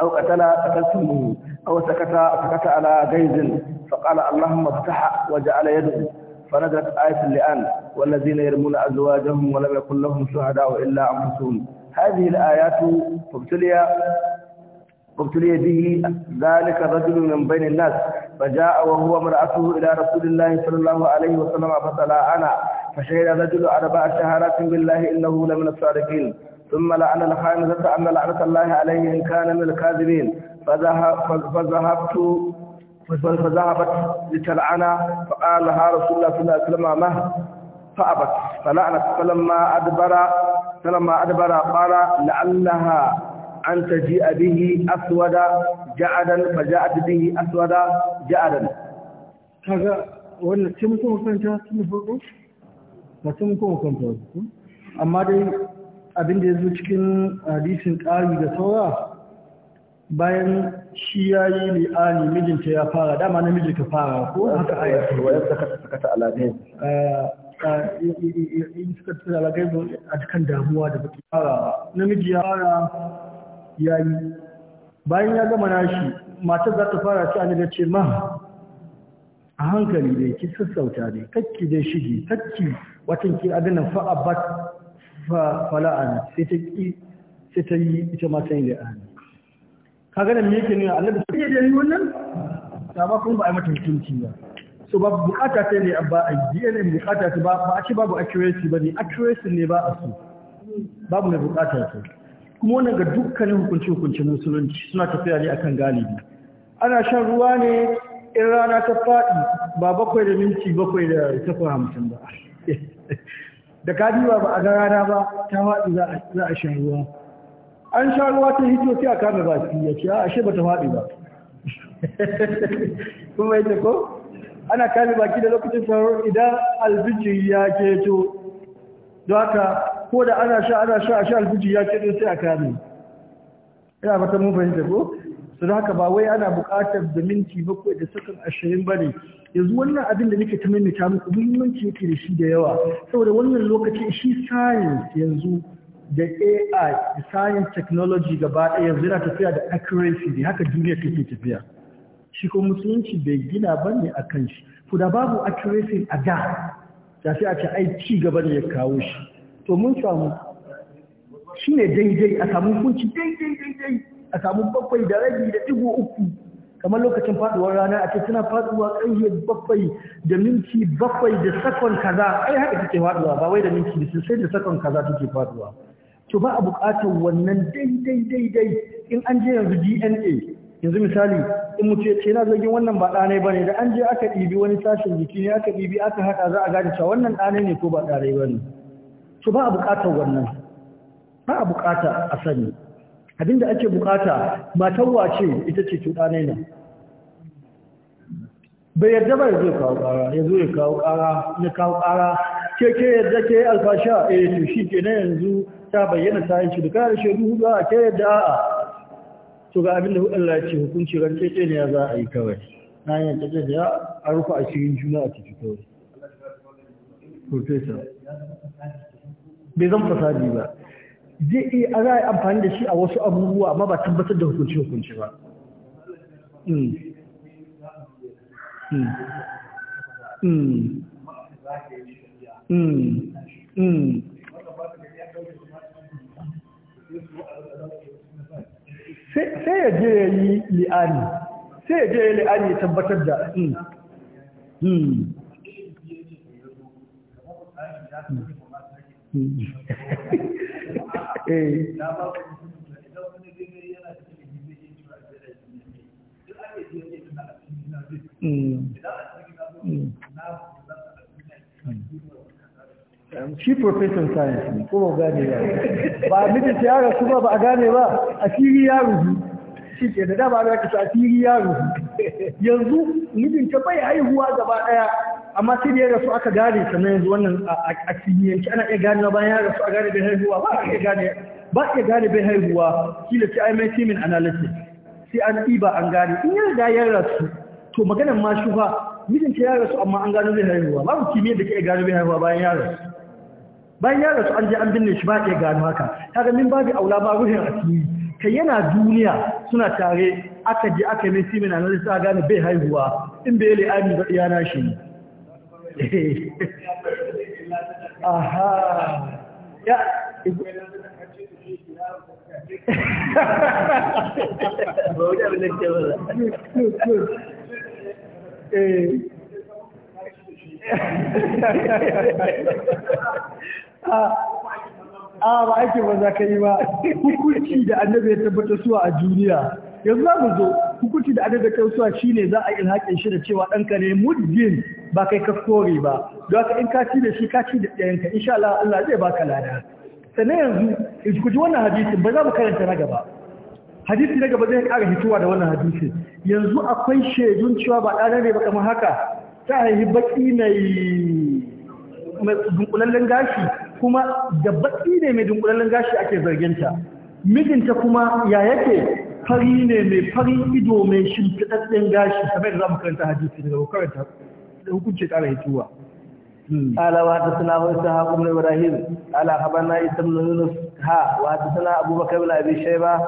أو قتل قتلتموه أو سكت سكت على غيظ فقال اللهم افتح وجعل يده فنزلت آية الآن والذين يرمون أزواجهم ولم يكن لهم شهداء إلا أنفسهم هذه الآيات تبتلي ابتلي به ذلك رجل من بين الناس فجاء وهو مرأته إلى رسول الله صلى الله عليه وسلم فصلى أنا فشهد الرجل أربع شهادات بالله إنه لمن الصادقين ثم لعن الخامسة أن لعنة الله عليه إن كان من الكاذبين فذهبت فذهبت لتلعن فقال لها رسول الله صلى الله عليه وسلم مه فأبت فلعنت فلما أدبر فلما أدبر قال لعلها أن تجيء به أسودا جعدا فجاءت به أسودا جعدا هذا ولا تمكم كنت تنفقوا ba sun kuma kwanta amma dai abin da ya zo cikin hadisin ƙari da saura bayan shi ya yi li'ani mijinta ya fara dama na ka fara ko haka a yasa sakata ala sakata alagai in suka sakata alagai a cikin damuwa da baki fara namiji ya fara ya yi bayan ya gama nashi matar za ta fara ci ani da ce ma a hankali da ki sassauta ne kakki dai shige kakki watan ki adana fa abat fa fala'an sai ta ki sai ta yi ita ma ta yi ka kaga da me yake nuna Allah da sai ya yi wannan ta ba kun ba a mata hukunci ba so ba bukata ta ne ba a ne bukata ta ba ba a ci babu accuracy ba ne accuracy ne ba a so babu mai bukata ta kuma wannan ga dukkanin hukunci-hukuncin musulunci suna tafiya ne akan galibi ana shan ruwa ne in rana ta faɗi ba bakwai da minti bakwai da takwa hamsin ba da kaji ba a ga rana ba ta faɗi za a shan ruwa an sha ruwa ta hito sai a ba baki ya ce ashe ba ta faɗi ba kuma yadda ko ana kame baki da lokacin faruwar idan albijir ya keto don haka ko da ana sha ana sha a sha alfiji ya kiɗo sai a kame ina fata mun fahimta ko su da haka ba wai ana buƙatar da minti bakwai da sakan ashirin ba ne yanzu wannan abin da nake ta muku muhimmanci yake da shi da yawa saboda wannan lokaci shi science yanzu da AI da science technology gaba ɗaya yanzu yana tafiya da accuracy ne haka duniya take tafiya shi ko musulunci bai gina ba ne a kan shi da babu accuracy a da da sai a ce ai ci gaba ne ya kawo shi to mun samu shi ne daidai a samu kunci daidai daidai a samu bakwai da rabi da digo uku kamar lokacin faduwar rana a cikin tana faduwa ƙarfe bakwai da minti bakwai da sakon kaza ai haka take faduwa ba wai da minti da sai da sakon kaza take faduwa to ba a buƙatar wannan daidai daidai in an je yanzu DNA yanzu misali in mu ce ce na zargin wannan ba ɗanai ba ne da an je aka ɗibi wani sashen jiki ne aka ɗibi aka haɗa za a gane cewa wannan ɗanai ne ko ba ɗanai ba ne to ba a bukatar wannan ba a bukata a sani abinda ake bukata matawa wace ita ce cuɗane nan bai yarda ba ya zo kawo ƙara yanzu ya kawo ƙara na kawo ƙara Keke ke yarda ke alfasha a eh, yi to shi ke na yanzu ta bayyana ta yanci da kayan shaidu hudu a ke yadda a to ga abinda Allah ya ce hukunci ran keke ne ya za a yi kawai na yin keke da ya a rufe a cikin juna a cikin kawai professor bai zan fasadi ba zai iya a za a amfani da shi a wasu abubuwa amma ba tabbatar da hukunci hukunci ba hmm. Hmm. Hmm. sai ya je ya yi li'ani sai ya je ya yi li'ani ya tabbatar da Mm. shi profession science ne kuma gane ba ba a mijin ya kuma ba a gane ba a siri ya rubu shi ke da dama da aka sa siri ya rubu yanzu mijin ta bai haihuwa gaba daya amma sai da ya rasu aka gane ta yanzu wannan a kimiyyance ana iya gane bayan ya rasu a gane bai haihuwa ba a iya gane ba iya gane bai haihuwa shi sai ci mai timin analysis sai an ɗiba an gane in yi da ya rasu to maganan ma shufa mijinta ya rasu amma an gano bai haihuwa babu kimiyyar da ke gano bai haihuwa bayan ya rasu bayan ya rasu an je an binne shi ba iya gano haka kaga min babu aula ba ruhin asiri kai yana duniya suna tare aka je aka yi mai timin analysis a gane bai haihuwa in bai yi la'ami ba iyana shi ne Eh. aha ya ah. Ah, ba da a ba za ka yi ba hukunci da annabi ya tabbata suwa a duniya yanzu za mu zo hukunci da adadin shi ne za a ilhaƙin shi da cewa ɗanka ne muddin ba kai ka kore ba don haka in ka ci da shi ka ci da ɗayanka insha Allah Allah zai baka lada sannan yanzu in ku ji wannan hadisin ba za mu karanta na gaba hadisi na gaba zai ƙara hituwa da wannan hadisi yanzu akwai shaidun cewa ba ɗana ne ba kamar haka ta haihi baƙi mai dunkulallen gashi kuma da baƙi ne mai dunkulallen gashi ake zarginta mijinta kuma ya yake fari ne mai fari ido mai shimfiɗaɗɗen gashi kamar za mu karanta hadisi daga karanta da hukunci ƙara hituwa. Ala wa ta sana wani sun Ibrahim, ala haɓar na isa mun nuna ha wa ta sana abubakar bin abin shai ba,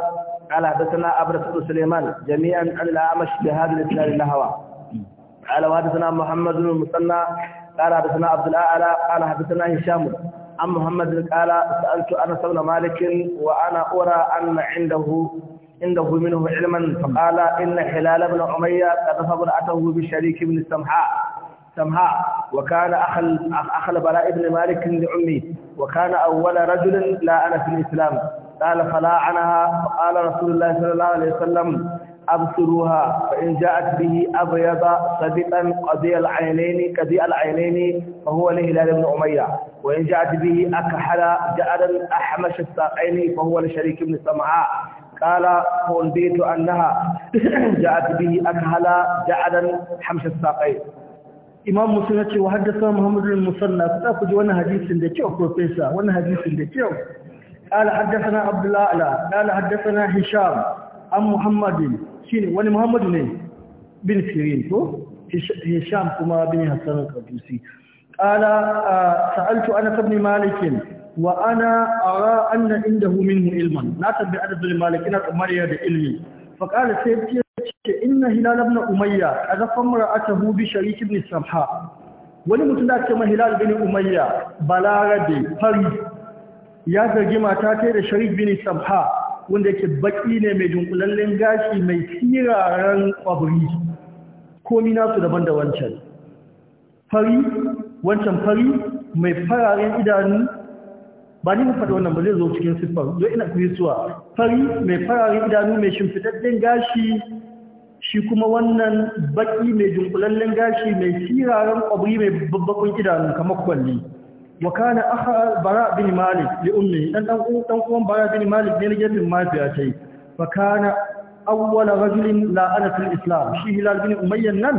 ala ta sana abu Suleiman jami'an an la'amar shi da hadin da na hawa. Ala wa ta sana Muhammadu bin Musanna, ala ta sana Ala, ala ta sana Hisham. An Muhammadu bin Ƙala, sa'altu ana sauna malikin wa عنده منه علما فقال إن هلال بن أمية قد صبر أتوه بشريك بن سمحاء سمحاء وكان أخ أخ البراء بن مالك لعمي وكان أول رجل لا أنا في الإسلام قال عنها فقال رسول الله صلى الله عليه وسلم أبصروها فإن جاءت به أبيض صدقا قضي العينين قضي العينين فهو لهلال بن أمية وإن جاءت به أكحل جعلا أحمش الساقين فهو لشريك بن سمحاء قال فونديت أنها جاءت به أكهلا جعلا حمش الساقين imam musul ya ce wa haddasa muhammadu musanna za ku ji wani hadisin da kyau profesa wani hadisin da kyau قال حدثنا عبد الله قال حدثنا Hisham an Muhammadin. شين wani Muhammadu ne bin sirin ko hisham kuma bin Hassan al-qadusi قال سالت انا ابن Wa'ana ana ara anna indahu minhu ilman na tabbi adab bin malik ina umayya da ilmi fa qala sai ce inna hilal ibn umayya azafa mar'atahu bi sharik ibn samha wani mutum da ce hilal bin umayya balarabe fari ya zargi mata ta da sharik bin wanda yake baki ne mai dunkulallen gashi mai tsiraran kwabri komi nasu daban da wancan fari wancan fari mai fararen idanu ba ni mu faɗi wannan ba zai zo cikin siffar zo ina kirisuwa fari mai fararen idanu mai shimfidadden gashi shi kuma wannan baki mai jinkulallen gashi mai firaren kwabri mai babbakon idanu kamar kwalli wa kana akha bara bin malik li ummi dan dan dan bara bin malik ne na bin mafiya tai fa kana awwal rajulin la'ana fil islam shi hilal bin umayyan nan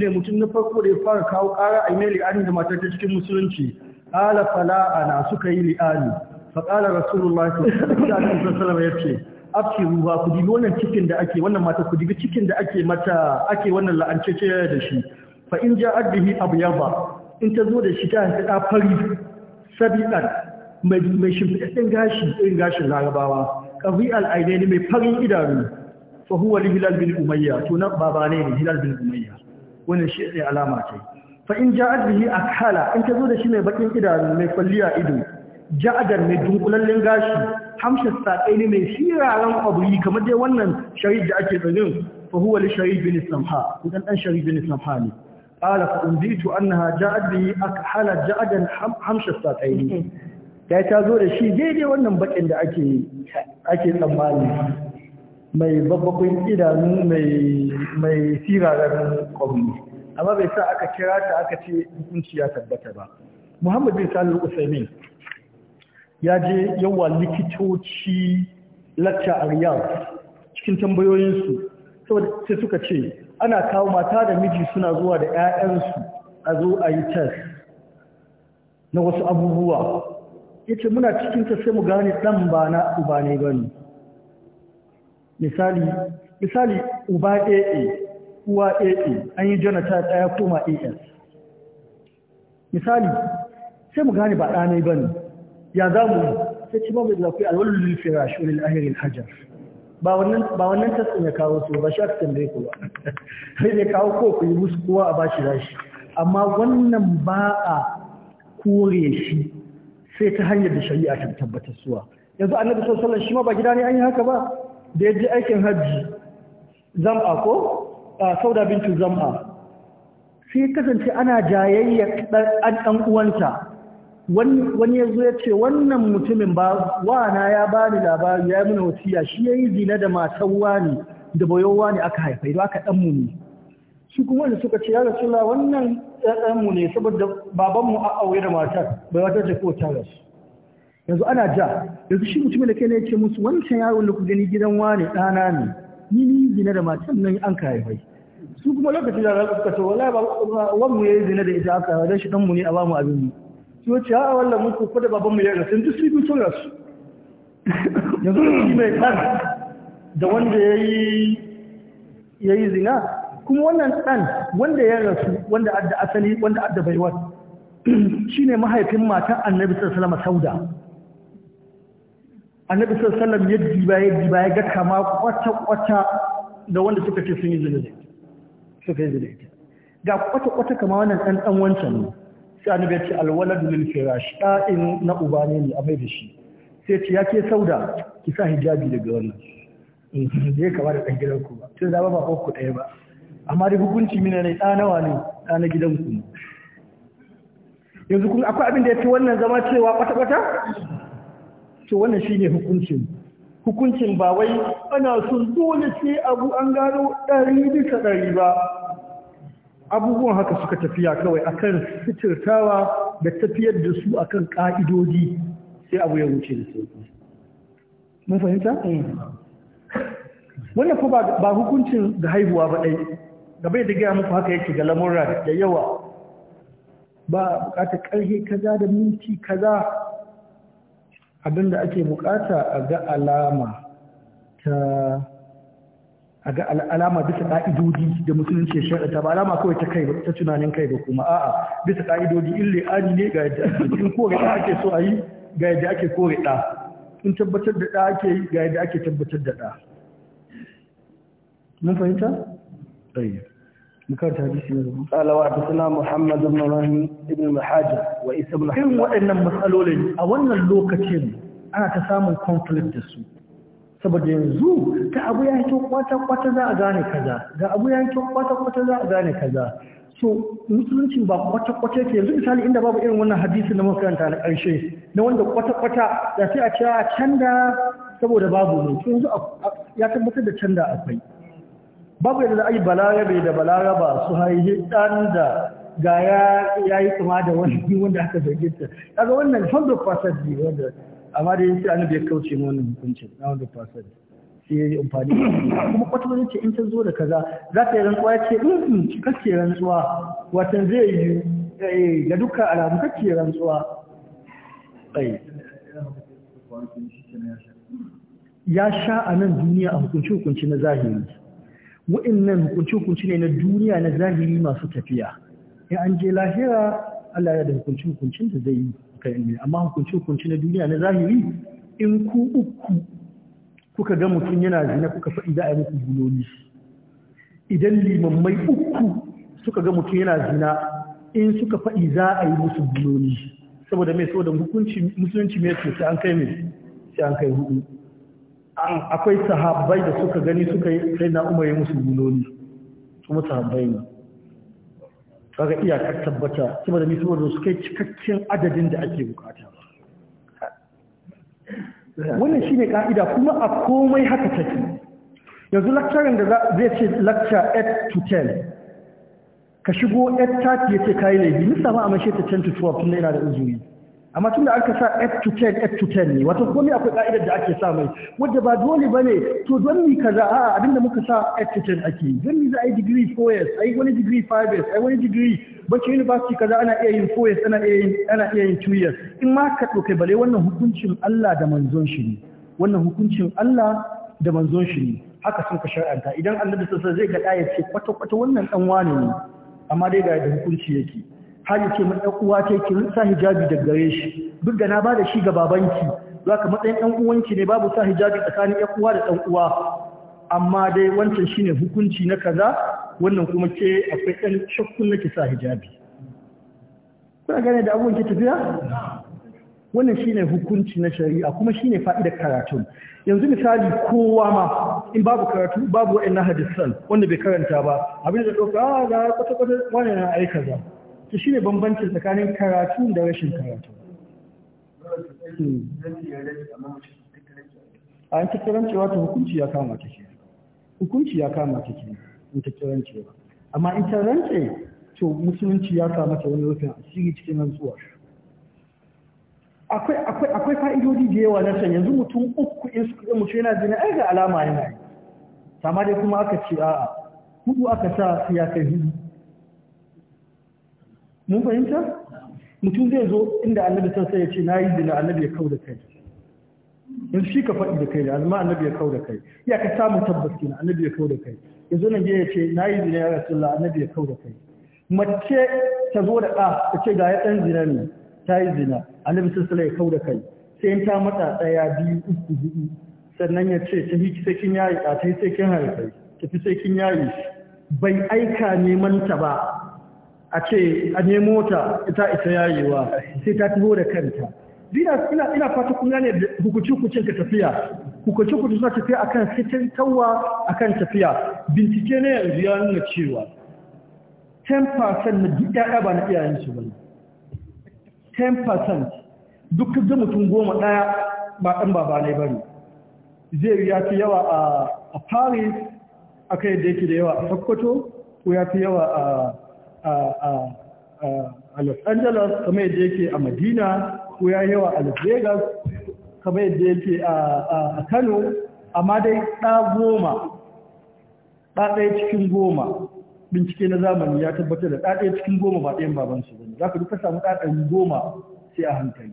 ne mutum na farko da ya fara kawo ƙara a mai da matar ta cikin musulunci qala Fala'a na suka yi li'ani fa qala rasulullahi sallallahu alaihi wasallam yace afkiru ba ku dibi wannan cikin da ake wannan mata ku dibi cikin da ake mata ake wannan la'ancece da shi fa in ja ja'at Abu Yaba, in ta zo da shi ta hanta ta fari sabiqan mai mai shimfiɗaɗɗen gashi irin gashin larabawa qawi al-ainain mai farin idanu fa huwa li hilal bin umayya to na baba ne hilal bin umayya wannan shi ne alama ce fa in ja'at a kala, in ta zo da shi mai bakin idanu mai kwalliya ido ja'adar mai dunkulallen gashi hamsha ne mai shiraran ƙwabri kamar dai wannan shari'a da ake tsanin fa huwa bin samha idan dan shari'a samha ne qala fa unzitu annaha ja'at bihi akhala ja'adan hamsha saƙaini ya ta zo da shi daidai wannan bakin da ake tsammani mai babbakin idanu mai firaren shiraran amma bai sa aka kira ta aka ce hukunci ya tabbata ba muhammad bin salih usaimin ya je yawa likitoci lacca a Riyal cikin tambayoyinsu sai suka ce ana kawo mata da miji suna zuwa da 'ya'yansu a zo a yi test na wasu abubuwa ya ce muna cikinta sai mu gane ɗan ba na uba ba ne misali uba ɗaya uwa AA an yi ta ɗaya koma AS misali sai mu gane ba ɗanai ba ne ya za mu sai ci mabai da kuwa lulfira shi wani lahirin hajjar ba wannan tasirin ya kawo su ba sha fitan dai kuwa sai ne kawo ko ku yi musu kowa a ba shi rashi amma wannan ba a kore shi sai ta hanyar da shari'a ta tabbatar suwa yanzu annabi sallallahu alaihi wasallam shi ma ba gida ne an yi haka ba da ya aikin hajji Zan ako. A sauda bintu zam'a sai kasance ana jayayya ɗan uwanta wani ya zo ya ce wannan mutumin ba wana ya ba ni labari ya yi muna wasiya shi ya yi zina da matan wani da bayowa ne aka haifai da aka ɗanmu ne su kuma da suka ce ya rasu la wannan ɗanmu ne saboda babanmu a aure da matar bai wata ce ko ta rasu yanzu ana ja yanzu shi mutumin da kai ne ya ce musu wancan yaron da ku gani gidan wani ɗana ne ni ni yi zina da matan nan an ka haifai su kuma lokacin da za suka ce wallahi ba wanmu yayi zina da ita aka haifa dan shi dan mu ne a bamu abin mu su wace a wallan mun ko da baban mu ya rasu duk su bi sun rasu yanzu shi mai kan da wanda yayi yayi zina kuma wannan dan wanda ya rasu wanda adda asali wanda adda baiwa shine mahaifin matan Annabi sallallahu alaihi wasallam Sauda annabi sallallahu ya diba ya diba ya ga kama kwata-kwata da wanda suka ce sun yi zunubi suka yi ita. ga kwata-kwata kama wannan dan dan wancan ne sai annabi ya ce alwaladu lil firash in na uba ne ne a da shi sai ce yake sauda ki sa hijabi daga wannan zai kama da ɗan gidanku ba tun da ba ba ku ɗaya ba amma da hukunci mina ne ɗa nawa ne ɗa na gidanku yanzu kun akwai abin da ya ce wannan zama cewa kwata-kwata to wannan ne hukuncin hukuncin ba wai ana son dole sai abu an gano ɗari bisa ɗari ba abubuwan haka suka tafiya kawai akan fitirtawa da tafiyar da su akan ƙa'idodi sai abu ya wuce da mun fahimta? Eh. wannan ko ba hukuncin ga haihuwa ba ɗai gabai da gaya muku haka yake ga lamurra da yawa ba bukatar ƙarfe kaza da minti kaza abinda ake bukata a ga alama ta a ga alama bisa ka'idodi da musulunci ya ta ba alama kawai ta kai ta tunanin kai ba kuma a'a bisa ka'idodi in li'ani ne ga yadda in kore ɗa ake so a yi ga yadda ake kore ɗa in tabbatar da ɗa ake yi ga yadda ake tabbatar da ɗa mun fahimta? ɗaya suna zama ذكرت حديث قال وحدثنا محمد بن رهي بن محاجة irin waɗannan matsalolin a wannan lokacin ana ta samun تسامو da su saboda yanzu ta abu ya hito kwata-kwata za a gane kaza ga abu ya hito kwata-kwata za a gane kaza so musulunci ba kwata-kwata ke yanzu misali inda babu irin wannan hadisi na makaranta na ƙarshe na wanda kwata-kwata da sai a ce cewa canda saboda babu ne yanzu ya tabbatar da canda akwai babu yadda da ai balarabe da balaraba su haihi ɗan da ga ya yi kuma da wani wanda aka zarge ta kaga wannan 100% ne wanda amma da yanzu an bai kauce mu wannan hukuncin na 100% sai ya yi amfani kuma kwata ce in ta zo da kaza za ta yi rantsuwa ya ce mm, mm, in kake rantsuwa watan zai yi eh, ga dukkan alamu kake rantsuwa ya sha a nan duniya a hukunci hukunci na zahiri nan hukunci-hukunci ne na duniya na zahiri masu tafiya ya an je lahira Allah ya da hukunci-hukuncin da zai yi kan ilmi amma hukunci-hukunci na duniya na zahiri in ku uku kuka ga mutum yana zina kuka faɗi za a yi muku buloli idan limammai uku suka ga mutum yana zina in suka faɗi za a yi musu buloli saboda mai saboda hukunci musulunci mai sai an kai mai sai an kai hudu akwai sahabbai da suka gani suka yi sai na umar yi musu guloni kuma sahabbai ne kaga iyakar tabbata kuma da nisuwar da suka yi cikakken adadin da ake bukata wannan shi ne ka'ida kuma a komai haka take yanzu lecturing da zai ce lecture 8 to 10 ka shigo 8:30 yace kai laifi ni sama a mashe ta 10 to 12 tun da ina da uzuri amma tun da aka sa f to 10 f to 10 ne wato komai akwai ka'idar da ake sa mai wadda ba dole ba ne to don mi kaza abin abinda muka sa f to 10 ake don mi za a yi degree 4 years a yi wani degree 5 years a yi wani degree bakin university kaza ana iya yin 4 years ana iya yin ana iya yin 2 years in ma ka dokai bale wannan hukuncin Allah da manzon shi ne wannan hukuncin Allah da manzon shi ne haka sun ka shar'anta idan Allah da sassa zai ga ɗaya ce kwata kwata wannan ɗan wane ne amma dai ga yadda hukunci yake har ya ce ɗan uwa ce ki sa hijabi da gare shi duk da na ba da shi ga babanki za ka matsayin ɗan uwanki ne babu sa hijabi tsakanin ɗan uwa da ɗan uwa amma dai wancan shi ne hukunci na kaza wannan kuma ke akwai ɗan shakkun ke sa hijabi kuna gane da abubuwan ke tafiya wannan shi ne hukunci na shari'a kuma shi shine da karatun yanzu misali kowa ma in babu karatu babu na hadisan wanda bai karanta ba abin da ɗauka a ah, ga kwata-kwata wani na aika za to shine bambancin tsakanin karatu da rashin karatu a yin kirancewa ta hukunci ya kama ta ke hukunci ya kama ta ke in ta kirancewa amma in ta to musulunci ya kama ta wani rufin asiri cikin rantsuwa akwai akwai akwai fa'idodi da yawa na can yanzu mutum uku in su kuɗin mutum yana jini ai ga alama yana yi sama dai kuma aka ce a'a hudu aka sa su ya kai hudu mun fahimta mutum zai zo inda annabi sai ya ce na yi zina annabi ya kau da kai In shi ka faɗi da kai da azuma annabi ya kau da kai ya ka samu tabbas kenan annabi ya kau da kai ya zo nan ya ce na yi zina ya rasulullah annabi ya kau da kai mace ta zo da ɗa ta ce ga ya ɗan zina ne ta yi zina annabi sai ya kau da kai sai in ta matsa ɗaya biyu uku huɗu sannan ya ce ta hiki sai kin yayi ɗa ta yi sai kin haifa tafi sai kin yayi bai aika neman ta ba a ce a nemo ta ita ita yayewa sai ta taho da kanta dina ina ina fata kun gane hukuci hukucin ka tafiya hukunci hukuncin ka tafiya akan sitin tawa akan tafiya bincike ne yanzu ya nuna cewa 10% na duk ƴaƴa ba na iyayen su bane 10% duk da mutum goma ɗaya ba ɗan baba ne bane zai ya fi yawa a a Paris akai da yake da yawa a Sokoto ko ya fi yawa a a Los Angeles kamar yadda yake a Madina ko ya yawa a Las Vegas kamar yadda yake a Kano amma dai ɗa goma ɗa ɗaya cikin goma bincike na zamani ya tabbatar da ɗa ɗaya cikin goma ba ɗayan babansu ba ne za ka duka samu ɗa ɗari goma sai a hankali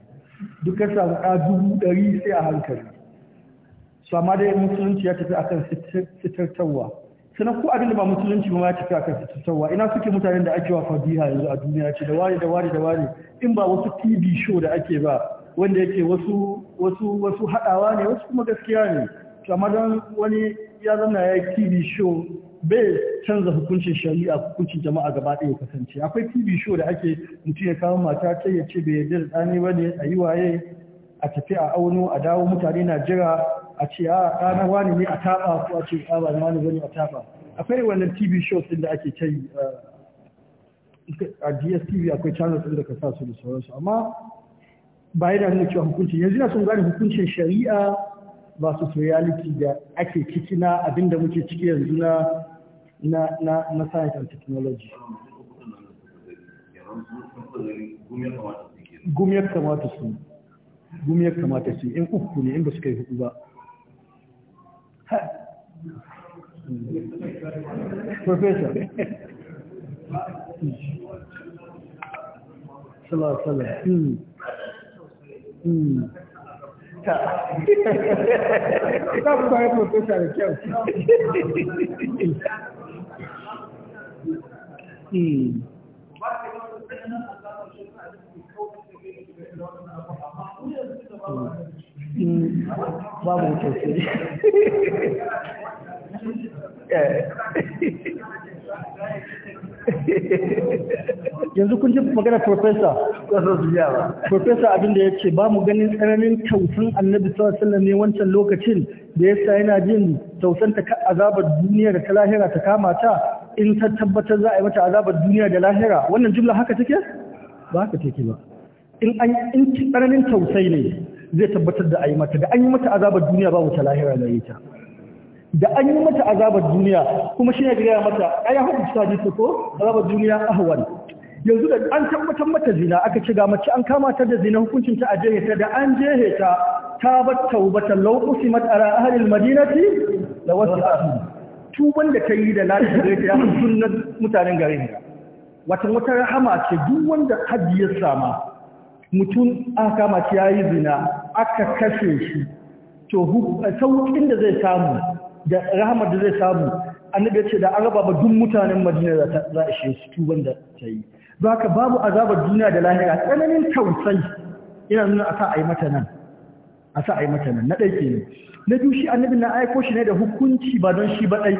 duka samu ɗa dubu ɗari sai a hankali su amma dai musulunci ya tafi akan sitartarwa sannan ko abin da ba musulunci ba ya tafi akan cutarwa ina suke mutanen da ake wa fadiha yanzu a duniya ce da ware da ware da ware in ba wasu tv show da ake ba wanda yake wasu wasu wasu hadawa ne wasu kuma gaskiya ne to amma dan wani ya zanna ya tv show bai canza hukuncin shari'a hukuncin jama'a gaba ɗaya kasance akwai tv show da ake mutum ya kawo mata ta ya ce bai yarda da tsani ba ne a yi waye a tafi a auno a dawo mutane na jira a ce a ah, ɗana wani ne a taɓa ko a ce a ah, ba na wani bane a taɓa akwai wannan tv shows ɗin da ake ta yi eh, a dstv akwai channels ɗin da ka sa su da sauransu amma ba yana nuna cewa hukunci yanzu na sun gane hukuncin shari'a ba su reality da ake ciki na abin da muke ciki yanzu na na na na science and technology gumiyar kamata su gumiyar kamata su in uku ne in ba su kai hudu ba professor salasala hmm. hmm. ta ta ku bayan professor da kyau Mm. babu wucin eh. yanzu kun ji magana profesa profesa abin da ya ce ba mu ganin tsananin tausan annabi sallallahu ne wancan lokacin da ya sa yana jin tausan ta azabar duniya da ta lahira ta kama ta in ta tabbatar za a yi mata azabar duniya da lahira wannan jumla haka take ba haka take ba in an in tsananin tausai ne zai tabbatar da ayi mata da an yi mata azabar duniya babu ta lahira da ita da an yi mata azabar duniya kuma shi ne gaya mata ai ya hukunta hadisi ko azabar duniya ahwan yanzu da an tabbatar mata zina aka ci ga mace an kama ta da zina hukuncin ta a jeheta da an jeheta ta bar taubatan law qusimat ala ahli almadinati la wasi'atu tuban da ta yi da lafiya da ya sunnan mutanen garin wata wata rahama ce duk wanda hajji ya sama mutum aka kama shi yi zina aka kashe shi to saukin da zai samu da rahama da zai samu annabi ya ce da an raba ba duk mutanen Madina za a ishe su tuban da ta yi Ba ka babu azabar duniya da lahira tsananin tausayi ina nuna a sa a yi mata nan a sa a yi mata nan na ɗai kenan na biyu shi annabi na aiko shi ne da hukunci ba don shi ba ɗai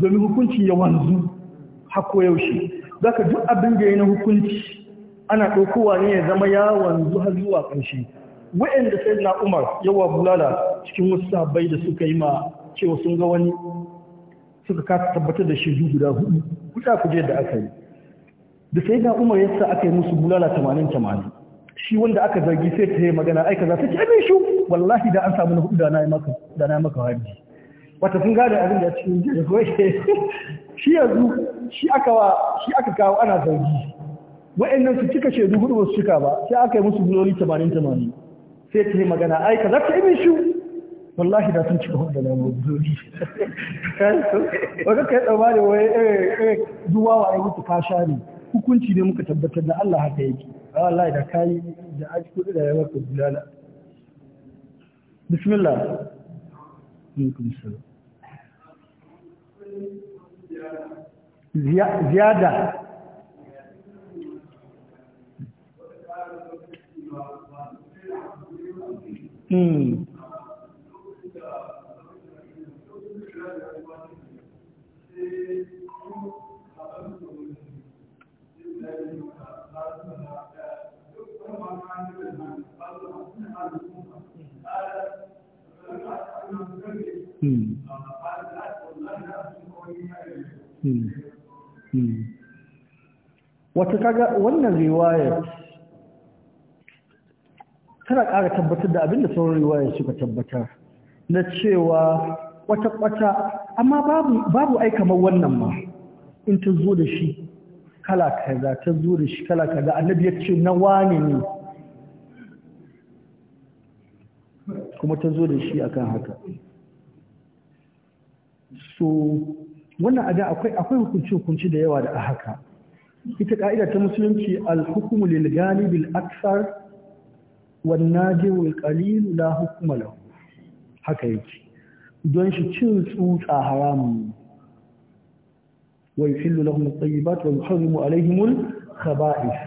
domin hukunci ya wanzu yaushe. Ba ka duk abin da ya na hukunci ana ɗaukowa ne ya zama yawon zuwa zuwa ƙarshe da sai na umar yawa bulala cikin wasu sabai da suka yi ma cewa sun ga wani suka kasa tabbatar da shaidu guda hudu guda kuje da aka yi da sai na umar ya sa aka yi musu bulala tamanin tamanin shi wanda aka zargi sai ta yi magana aika za ta ce abin shi wallahi da an samu na hudu da na yi maka da wata sun gada abin da cikin jirgin shi yanzu shi aka kawo ana zargi wa'annan su cika shaidu hudu wasu cika ba sai aka yi musu buloli 80-80 sai ta yi magana za ta zaka min shi wallahi da sun cika hudu da buloli wadda ka yi tsama da wai zuwa eh, eh, wa ai mutu kasha ne hukunci ne muka tabbatar da Allah haka yake ah, wallahi da kayi da aji kudu da yawar ka bulala bismillah ziyada Hmm. Hmm. Hmm. wata kaga wannan riwayar tana ƙara tabbatar da abin da sauran riwayar suka tabbatar na cewa kwata-kwata amma babu ai kamar wannan ma in ta zo da shi kala kaza ta zo da shi kala kaza annabi ya ce na wani ne kuma ta zo da shi akan haka so wannan ada akwai akwai hukunci hukunci da yawa da a haka ita ka'ida ta musulunci al-hukmu lil ghalib al-akthar wannajiwul kalilu la hukuma lahu haka yake don shi cin tsutsa haramun wa yuhillu lahum at-tayyibat wa yuharrimu alaihim al-khaba'ith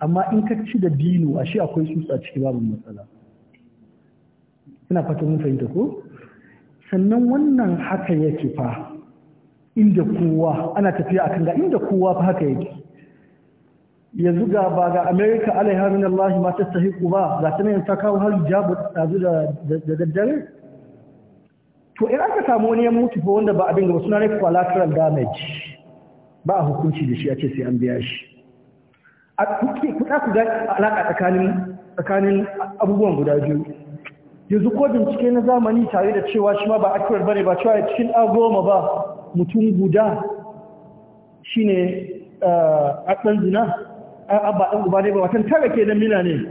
amma in ka ci da dino ashe akwai tsutsa ciki babu matsala ina fata mun fahimta ko sannan wannan haka yake fa inda kowa ana tafiya akan ga inda kowa fa haka yake yanzu ga ba ga america alaiha min allah ma tastahiqu ba ga tana ta kawo har hijabu dazu da daddare to in aka samu wani ya mutu ko wanda ba abin ga suna ne collateral damage ba a hukunci da shi a ce sai an biya shi a kuke kuka ku ga alaƙa tsakanin tsakanin abubuwan guda biyu yanzu ko bincike na zamani tare da cewa shi ma ba accurate bane ba cewa cikin goma ba mutum guda shine eh, a ɗan zina abba ɗan guba ne ba watan tara ke nan mina ne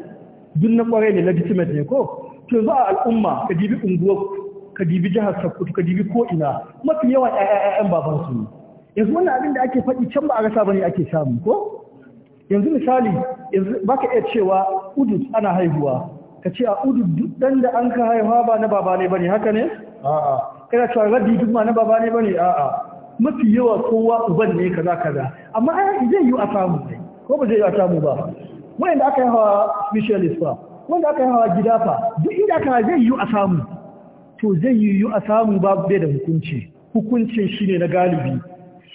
duk na kwarai ne legitimate ne ko to za a al'umma ka dibi unguwar ka dibi jihar sokoto ka dibi ko ina mafi yawa ƴaƴan baban su yanzu wannan abin da ake faɗi can ba a rasa bane ake samu ko yanzu misali yanzu baka iya cewa udud ana haihuwa ka ce a udud duk dan da an ka haihuwa ba na baba ne bane haka ne a'a kana cewa rabbi duk ma na baba ne bane a'a mafi yawa kowa uban ne kaza kaza amma ai zai yi a samu ne ko ba zai a samu ba wanda aka yi hawa specialist ba wanda aka yi hawa gida fa duk inda aka zai yi a samu to zai yi a samu ba bai da hukunci hukuncin shi ne na galibi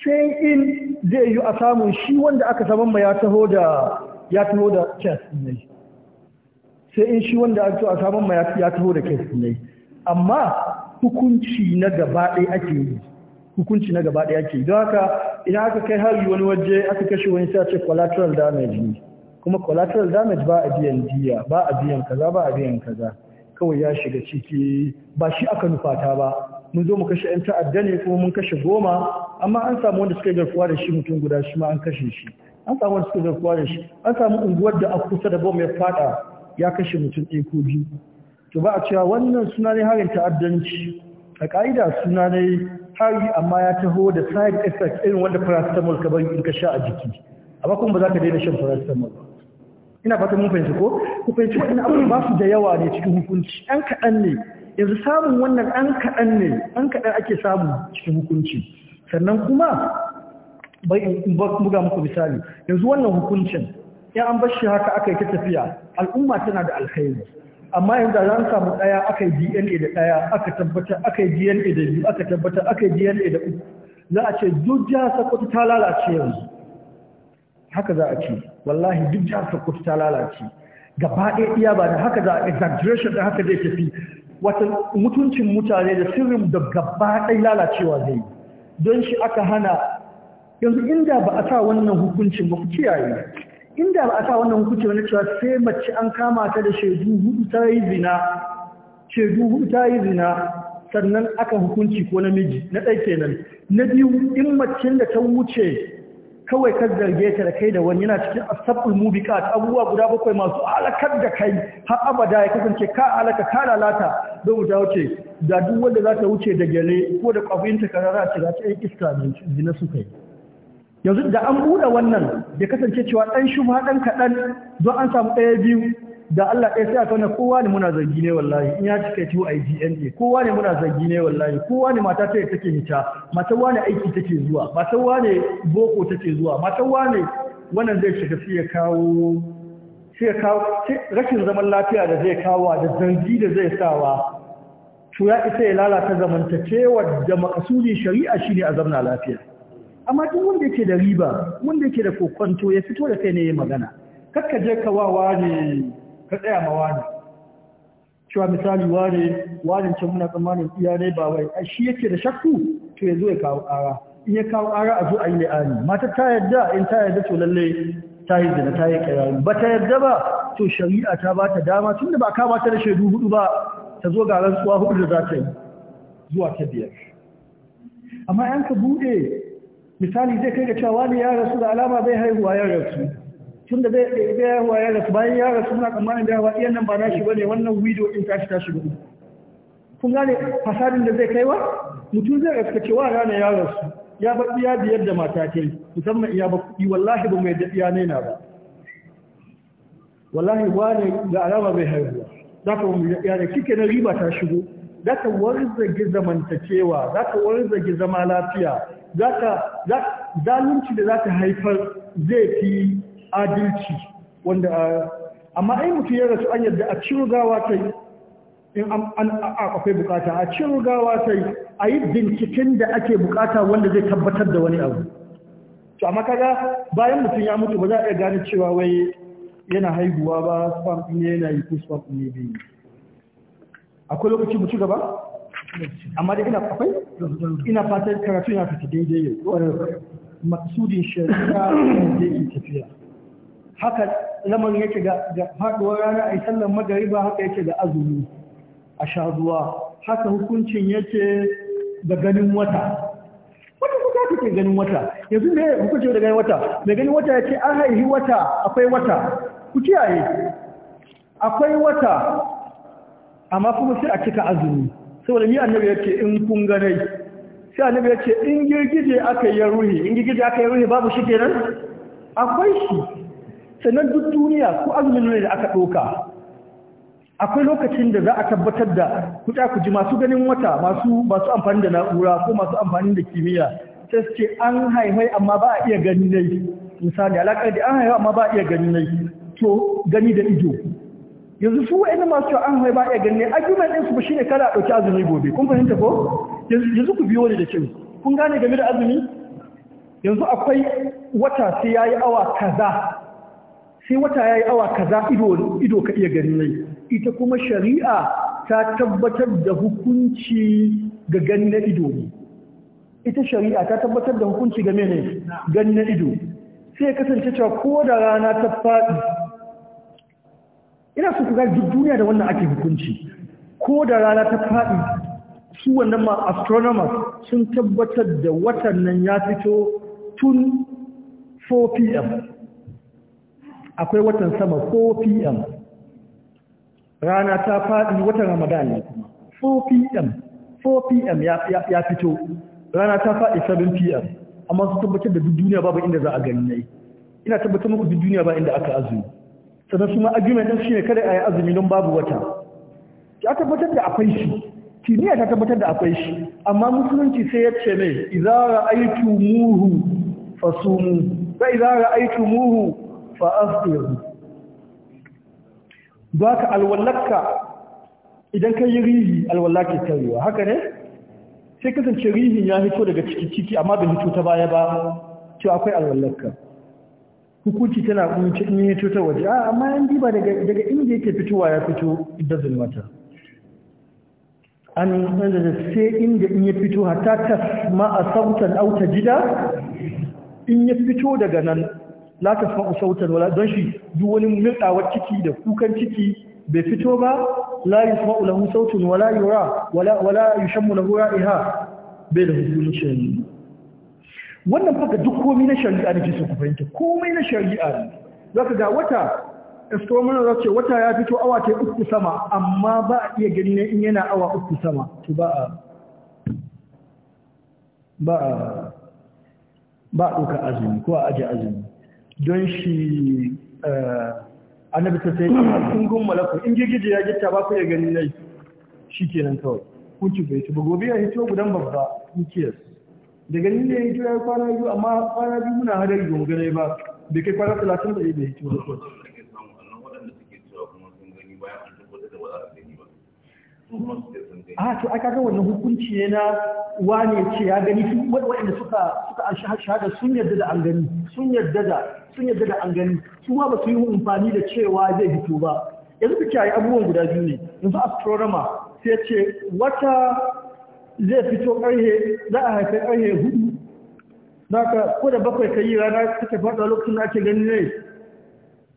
sai in zai yi a samu shi wanda aka saman ma ya taho da ya taho da kes ne sai in shi wanda aka saman ma ya taho da kes ne amma hukunci na gaba ɗaya ake yi hukunci na gaba daya ke don haka idan aka kai hari wani waje aka kashe wani sai ce collateral damage ne kuma collateral damage ba a biyan diya ba a biyan kaza ba a biyan kaza kawai ya shiga ciki ba shi aka nufata ba mun zo mu kashe 'yan ta'adda ne kuma mun kashe goma amma an samu wanda suka yi garkuwa da shi mutum guda shi ma an kashe shi an samu wanda suka yi garkuwa da shi an samu unguwar da a kusa da bom ya fada ya kashe mutum ɗaya ko biyu to ba a cewa wannan suna ne harin ta'addanci a ƙa'ida suna ne tsari amma ya taho da side effect irin wanda paracetamol ka bari in ka sha a jiki amma kuma ba za ka daina shan paracetamol ba ina fata mun fahimci ko ku fahimci wannan abubuwa ba su da yawa ne cikin hukunci ɗan kaɗan ne yanzu samun wannan ɗan kaɗan ne ɗan kaɗan ake samu cikin hukunci sannan kuma bai in buga muku misali yanzu wannan hukuncin ya an bar shi haka aka yi ta tafiya al'umma tana da alkhairi amma yanzu an samu ɗaya aka yi dna da ɗaya aka tabbatar aka yi dna da biyu aka tabbatar aka yi dna da uku za a ce duk jihar sokoto ta lalace yanzu haka za a ce wallahi duk jihar sokoto ta lalace gaba ɗaya iya ba da haka za a exaggeration da haka zai tafi wata mutuncin mutane da sirrin da gaba ɗaya lalacewa zai yi don shi aka hana yanzu inda ba a sa wannan hukuncin ba ku kiyaye inda ba a sa wannan hukunci wani cewa sai mace an kama ta da shaidu hudu ta yi zina shaidu hudu ta yi zina sannan aka hukunci ko namiji na ɗai kenan na biyu in macen da ta wuce kawai ka zarge ta da kai da wani yana cikin asabul mubiqat abubuwa guda bakwai masu alakar da kai har abada ya kasance ka alaka ka lalata don ta wuce da duk wanda za ta wuce da gele ko da ta karara ta ga ta iska ne zina suka yi yanzu da an buɗe wannan da kasance cewa ɗan ma ɗan kaɗan don an samu ɗaya biyu da Allah ɗaya sai a kauna kowa ne muna zargi ne wallahi in ya cika ciwo a DNA kowa ne muna zargi ne wallahi kowa ne mata ta take hita mata wane aiki take zuwa mata wane boko take zuwa mata wane wannan zai shiga sai ya kawo sai ya kawo rashin zaman lafiya da zai kawo da zargi da zai sawa to ya isa ya lalata zamantakewar da makasudin shari'a shine a zamna lafiya amma duk wanda yake da riba wanda yake da kokonto ya fito da kai ne ya magana kakka je ka wa wani ka tsaya ma wani cewa misali wani wani can muna tsammanin iya ne ba wai shi yake da shakku to yanzu ya kawo ƙara in ya kawo ƙara a zo a yi la'ani mata ta yarda in ta yarda to lalle ta yi zina ta yi kirari ba ta yarda ba to shari'a ta ba ta dama Tun da ba kama ta da shaidu hudu ba ta zo ga rantsuwa hudu da za ta yi zuwa ta biyar amma yanka bude misali zai kai ga cewa wani ya rasu da alama bai haihuwa ya rasu tun da bai ya haihuwa ya rasu bayan ya rasu muna tsammanin da haihuwa iyan nan ba na nashi bane wannan widow in tashi tashi shigo kun gane fasadin da zai kai wa? mutum zai rasu cewa rana ya rasu ya bar iya biyar da mata ke musamman iya ba kuɗi wallahi ba mai daɗiya ne na ba wallahi wani da alama bai haihuwa za ka wani daɗiya da kike na riba ta shigo za ka warzage zamantakewa za ka warzage zama lafiya zalunci da za ta haifar zai fi adalci wanda amma ai mutum ya rasu an yadda a ciro gawa ta yi in an akwai bukata a ciro gawa ta yi a yi binciken da ake bukata wanda zai tabbatar da wani abu to amma kaga bayan mutum ya mutu ba za a iya gane cewa wai yana haihuwa ba spam ne yana yi ko spam ne bai akwai lokaci mutu gaba amma da ina kwafai ina fatan karatu yana fita daidai ya wani maksudin shari'a da yake tafiya haka lamarin yake ga haɗuwar rana a sallar magariba haka yake da azumi a sha haka hukuncin yake da ganin wata wata kuka ke ganin wata yanzu ne hukuncin da ganin wata mai ganin wata ya ce an haihi wata akwai wata ku kiyaye akwai wata amma kuma sai a cika azumi saboda ni annabi ya ce in kun nai, sai annabi ya ce in girgije aka yi ruhi in girgije aka yi ruhi babu shi kenan akwai shi sannan duk duniya ko azumin ne da aka doka akwai lokacin da za a tabbatar da kuta ku ji masu ganin wata masu masu amfani da na'ura ko masu amfani da kimiyya sai ce an haihai amma ba a iya gani nai misali alaƙa da an haihai amma ba a iya gani nai to gani da ido yanzu su ina masu an an ba ya ganne argument din su ne kada a dauki azumi gobe kun fahimta ko yanzu ku biyo ni da cewa. kun gane game da azumi yanzu akwai wata sai yayi awa kaza sai wata yayi awa kaza ido ido ka iya gani nai ita kuma shari'a ta tabbatar da hukunci ga ganin na ido ne ita shari'a ta tabbatar da hukunci ga mene gani na ido sai ya kasance cewa ko da rana ta faɗi ina su ku duk duniya da wannan ake hukunci ko da rana ta faɗi su wannan ma astronomers sun tabbatar da watan nan ya fito tun 4 pm akwai watan sama 4 pm rana ta faɗi watan ramadan ne kuma 4 pm 4 pm ya fito rana ta faɗi 7 pm amma su tabbatar da duk duniya babu inda za a gani ne ina tabbatar muku duk duniya ba inda aka azumi sannan su ma'ajimai argument shi ne kada a yi azumi don babu wata ya tabbatar da akwai shi kimiyya ta tabbatar da akwai shi amma musulunci sai ya ce mai izara aiki muhu fa aiki muhu fa Ba ka alwallaka idan yi rihi alwallaki karewa. haka ne sai kasance rihin ya hito daga ciki ciki amma bai hito ta baya ba to akwai alwallaka hukunci tana kunci in ya ta waje a amma yan diba daga inda yake fitowa ya fito it doesn't matter an da sai inda in ya fito hata ta a sautan auta jida in ya fito daga nan latas ma a sautan wala don shi duk wani murɗawar ciki da kukan ciki bai fito ba la yusma'u lahu sautun wala yura wala wala yushammu lahu ra'iha bai da hukuncin wannan faka duk komai na shari'a da ke ku fahimta komai na shari'a ne za ka ga wata astronomer za ce wata ya fito awa ta uku sama amma ba a iya ne in yana awa uku sama to ba a ba a ba a ɗaukar azumi ko a aji azumi don shi eh, annabi ta sai kun gun malakun in girgije ya gitta ba ku iya gani ne, shi kenan kawai kun ci bai ci ba gobe ya hito gudan babba who su daga ni ne yi ya kwana biyu amma kwana biyu muna hada yi mu gane ba bai kai kwana talatin eh, da yi da hijira ba a ah, to aka ga wannan hukunci ne na wane ce ya gani waɗanda suka suka an shahada sun yarda da an gani sun yarda da sun yadda da an gani su ma ba su yi amfani da cewa zai fito ba yanzu kike yi abubuwan guda biyu ne yanzu astronomer sai ce wata zai fito ƙarhe za a haifar ƙarhe hudu za ka ko da bakwai ka yi rana take faɗa lokacin da ake ganin ne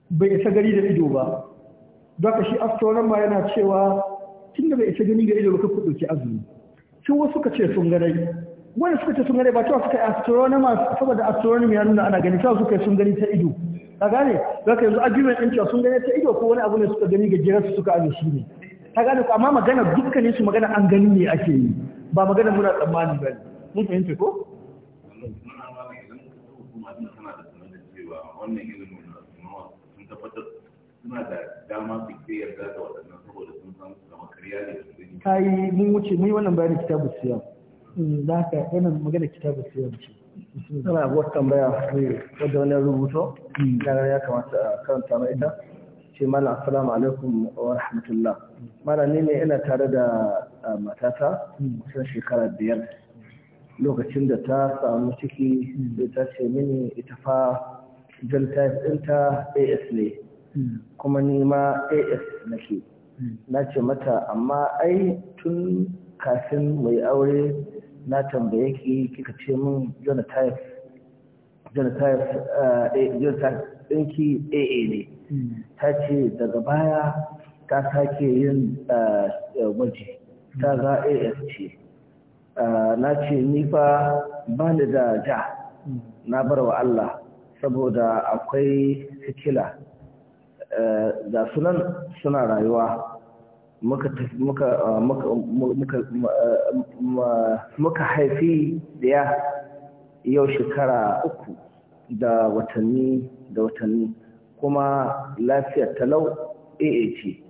bai isa gari da ido ba za ka shi astronom ma yana cewa tun da bai isa gani da ido ba ka ke azumi sun wasu suka ce sun ganai wani suka ce sun ganai ba cewa suka yi astronomers saboda astronomy ya nuna ana gani cewa suka yi sun gani ta ido ka gane za ka yanzu ajiyar ɗin cewa sun gani ta ido ko wani abu ne suka gani ga jiransu suka ajiye shi ne ta gane ku amma magana dukkanin su magana an gani ne ake yi ba magana muna tsammani ba ne mun fahimci ko wannan ilimin sun tabbatar suna da dama saboda sun san kariya ne mun wuce mun yi wannan bayanin kitabu siyam. Mm, da haka wannan magana kitabu siyam ce. Tana wata tambaya wadda wani rubuto, mm. ya kamata a karanta mai ita. ce mana assalamu alaikum wa rahmatullah mana ne ina tare da matata kusan shekara biyar lokacin da ta samu ciki da ta ce mini ita fa jan ɗinta as ne kuma ni ma as nake na ce mata amma ai tun kafin mai aure na tambaye ki kika ce min genotype genotype ɗinki aa ne ta ce daga baya ta sake yin eh, gwaji ta za as ce eh, na ce ni fa ba ni da ja na bar wa Allah saboda akwai sikila da eh, sunan suna rayuwa muka haifi da yau shekara uku da watanni da watanni kuma lafiyar talau aat ce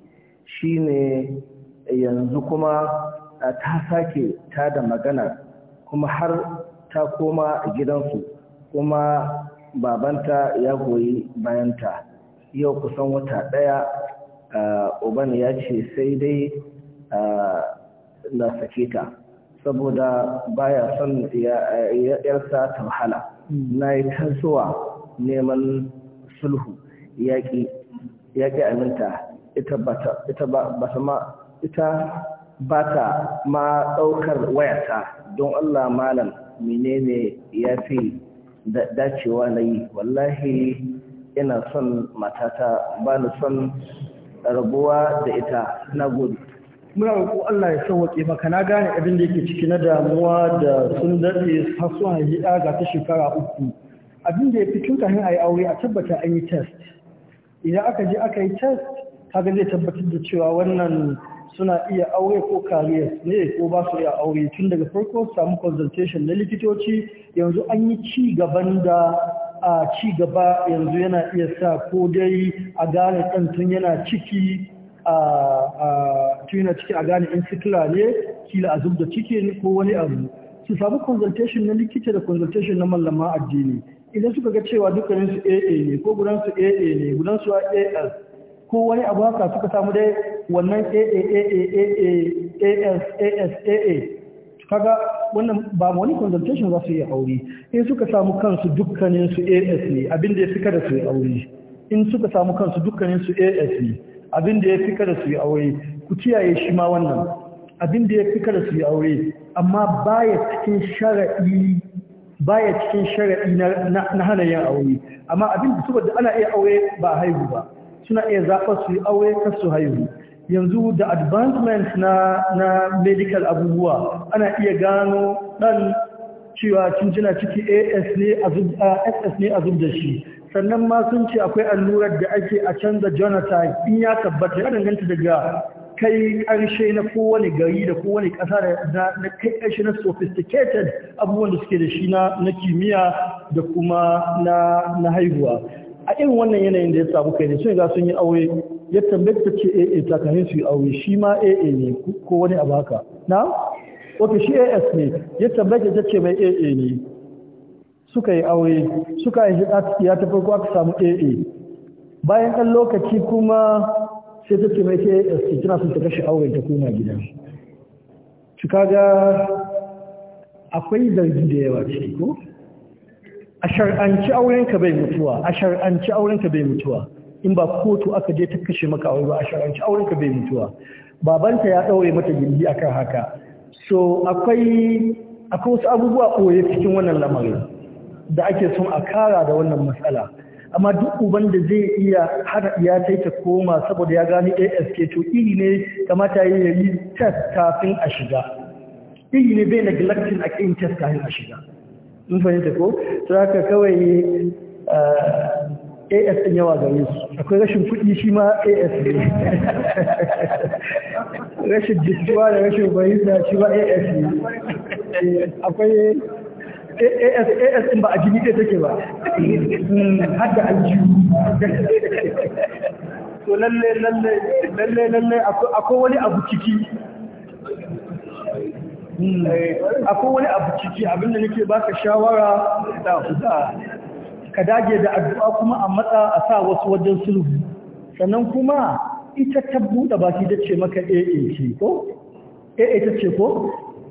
shi ne yanzu kuma ta sake ta da magana kuma har ta koma gidansu kuma babanta ya goyi bayanta yau kusan wata ɗaya uban ya ce sai dai na sake ta saboda baya son yarsa ta wahala hmm. na yi ta neman sulhu yaƙi yaƙi aminta ita ba ta ma ita ba ta ma ɗaukar wayata don Allah malam menene ya fi dacewa na yi wallahi ina son matata ba ni son rabuwa da ita na gudu muna roƙo Allah ya sauwaƙe maka na gane abin da yake ciki na damuwa da sun daɗe har sun haihi ɗaga ta shekara uku abin da ya fi tun kafin a yi aure a tabbata an yi test idan aka je aka yi test kaga zai tabbatar da cewa wannan suna iya aure ko kariyar ne ko ba su iya aure tun daga farko samu consultation na likitoci yanzu an yi ci gaban da a ci gaba yanzu yana iya sa ko dai a gane ɗan yana ciki a tun yana ciki a gane in sikila ne kila a zub da ciki ko wani abu su samu consultation na likita da consultation na mallama addini idan suka ga cewa dukkanin su AA ne ko gudan su AA ne gudan su AL ko wani abu haka suka samu dai wannan AA AA AA AS AS AA kaga wannan ba wani consultation za su yi aure in suka samu kansu dukkanin su AS ne abin da ya fika da su aure in suka samu kansu dukkanin su AS ne abin da ya fika da su aure ku kiyaye shi ma wannan abin da ya fika da su aure amma baya cikin shara'i. baya cikin sharaɗi na hana yin aure amma abin da saboda ana iya aure ba haihu ba suna iya zaɓa su yi aure kar su haihu yanzu da advancement na na medical abubuwa ana iya gano ɗan cewa cincina ciki as ne ss ne a zub da shi sannan ma sun ce akwai allurar da ake a canza jonathan in ya tabbata ya danganta daga kai ƙarshe na kowane gari da kowane ƙasa da na kai ƙarshe na sophisticated abubuwan da suke da shi na kimiyya da kuma na haihuwa a irin wannan yanayin da ya samu kai ne sun ga sun yi aure ya tambayi ta ce AA takamin su yi aure shi ma AA ne ko wani abu haka na? wata shi AS ne ya tambayi ta ce mai AA ne suka yi aure suka yi ya ta farko aka samu AA bayan ɗan lokaci kuma sai ta ce mai sai tana eh, sun ta kashe auren ta koma gida shi kaga akwai zargi da yawa ciki ko a shar'anci aurenka bai mutuwa a shar'anci aurenka bai mutuwa in ba kotu aka je ta kashe maka aure ba a shar'anci aurenka bai mutuwa babanta ya daure mata gindi akan haka so akwai akwai wasu abubuwa koye cikin wannan lamarin da ake son a kara da wannan matsala amma duk uban da zai iya hada ya tai ta koma saboda ya gani ask to iri ne kamata ya yi test kafin a shiga iri ne bai neglecting a kin test kafin a shiga in fahimta ko ta haka kawai ne eh, AS ɗin yawa gare su akwai rashin kuɗi shi ma AS ne rashin jituwa da rashin bayyana shi ma AS ne akwai as ba a jini ɗaya take ba hmm, har da aljihu to lalle lalle lalle lalle akwai wani abu ciki akwai wani abu ciki hmm, abinda nake baka shawara da kusa ka dage da addu'a kuma a matsa a sa wasu wajen sulhu sannan kuma ita ta buɗe baki dace maka AAC ko AAC ce ko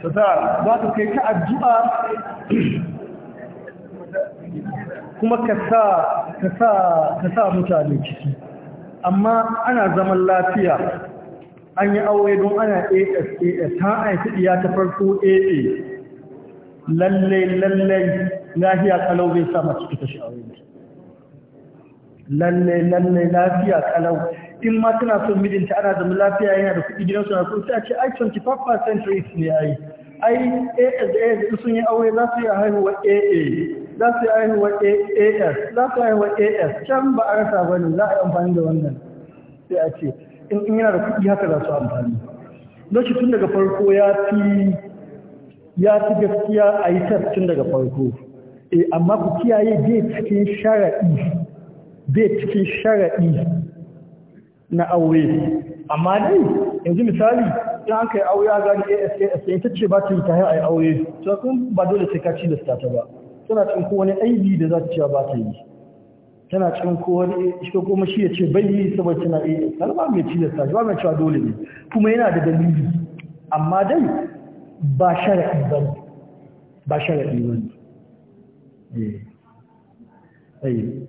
ta ka kai ta addu'a kuma ka sa mutane ciki amma ana zaman lafiya an yi aure don ana asas ta aiki iya ta farko aa lallai lallai lahiya kalau zai sa masu fita shi aure lalle lalle lafiya kalau in ma tana son mijinta ana zama lafiya yana da kuɗi gidansu na kuɗi sai a ce ai 25% rate ne ai ai AS da sun yi aure za su yi haihuwar AA za su yi haihuwar AS za su yi haihuwar AS can ba a rasa ne za a yi amfani da wannan sai a ce in yana da kuɗi haka za su amfani don shi tun daga farko ya fi ya fi gaskiya a yi tun daga farko eh, amma ku kiyaye bai cikin shara'i bai cikin sharaɗi na aure amma dai yanzu misali in an kai aure a gani asas ya ce ba ta yi ta a yi aure ta kun ba dole sai ka da ta ba tana cin ko wani aibi da za ta cewa ba ta yi tana cin ko wani shi shi ya ce bai yi saboda tana iya kalma mai sata ba mai cewa dole ne kuma yana da dalili amma dai ba sharaɗi ba ba sharaɗi ba ne eh. Eh.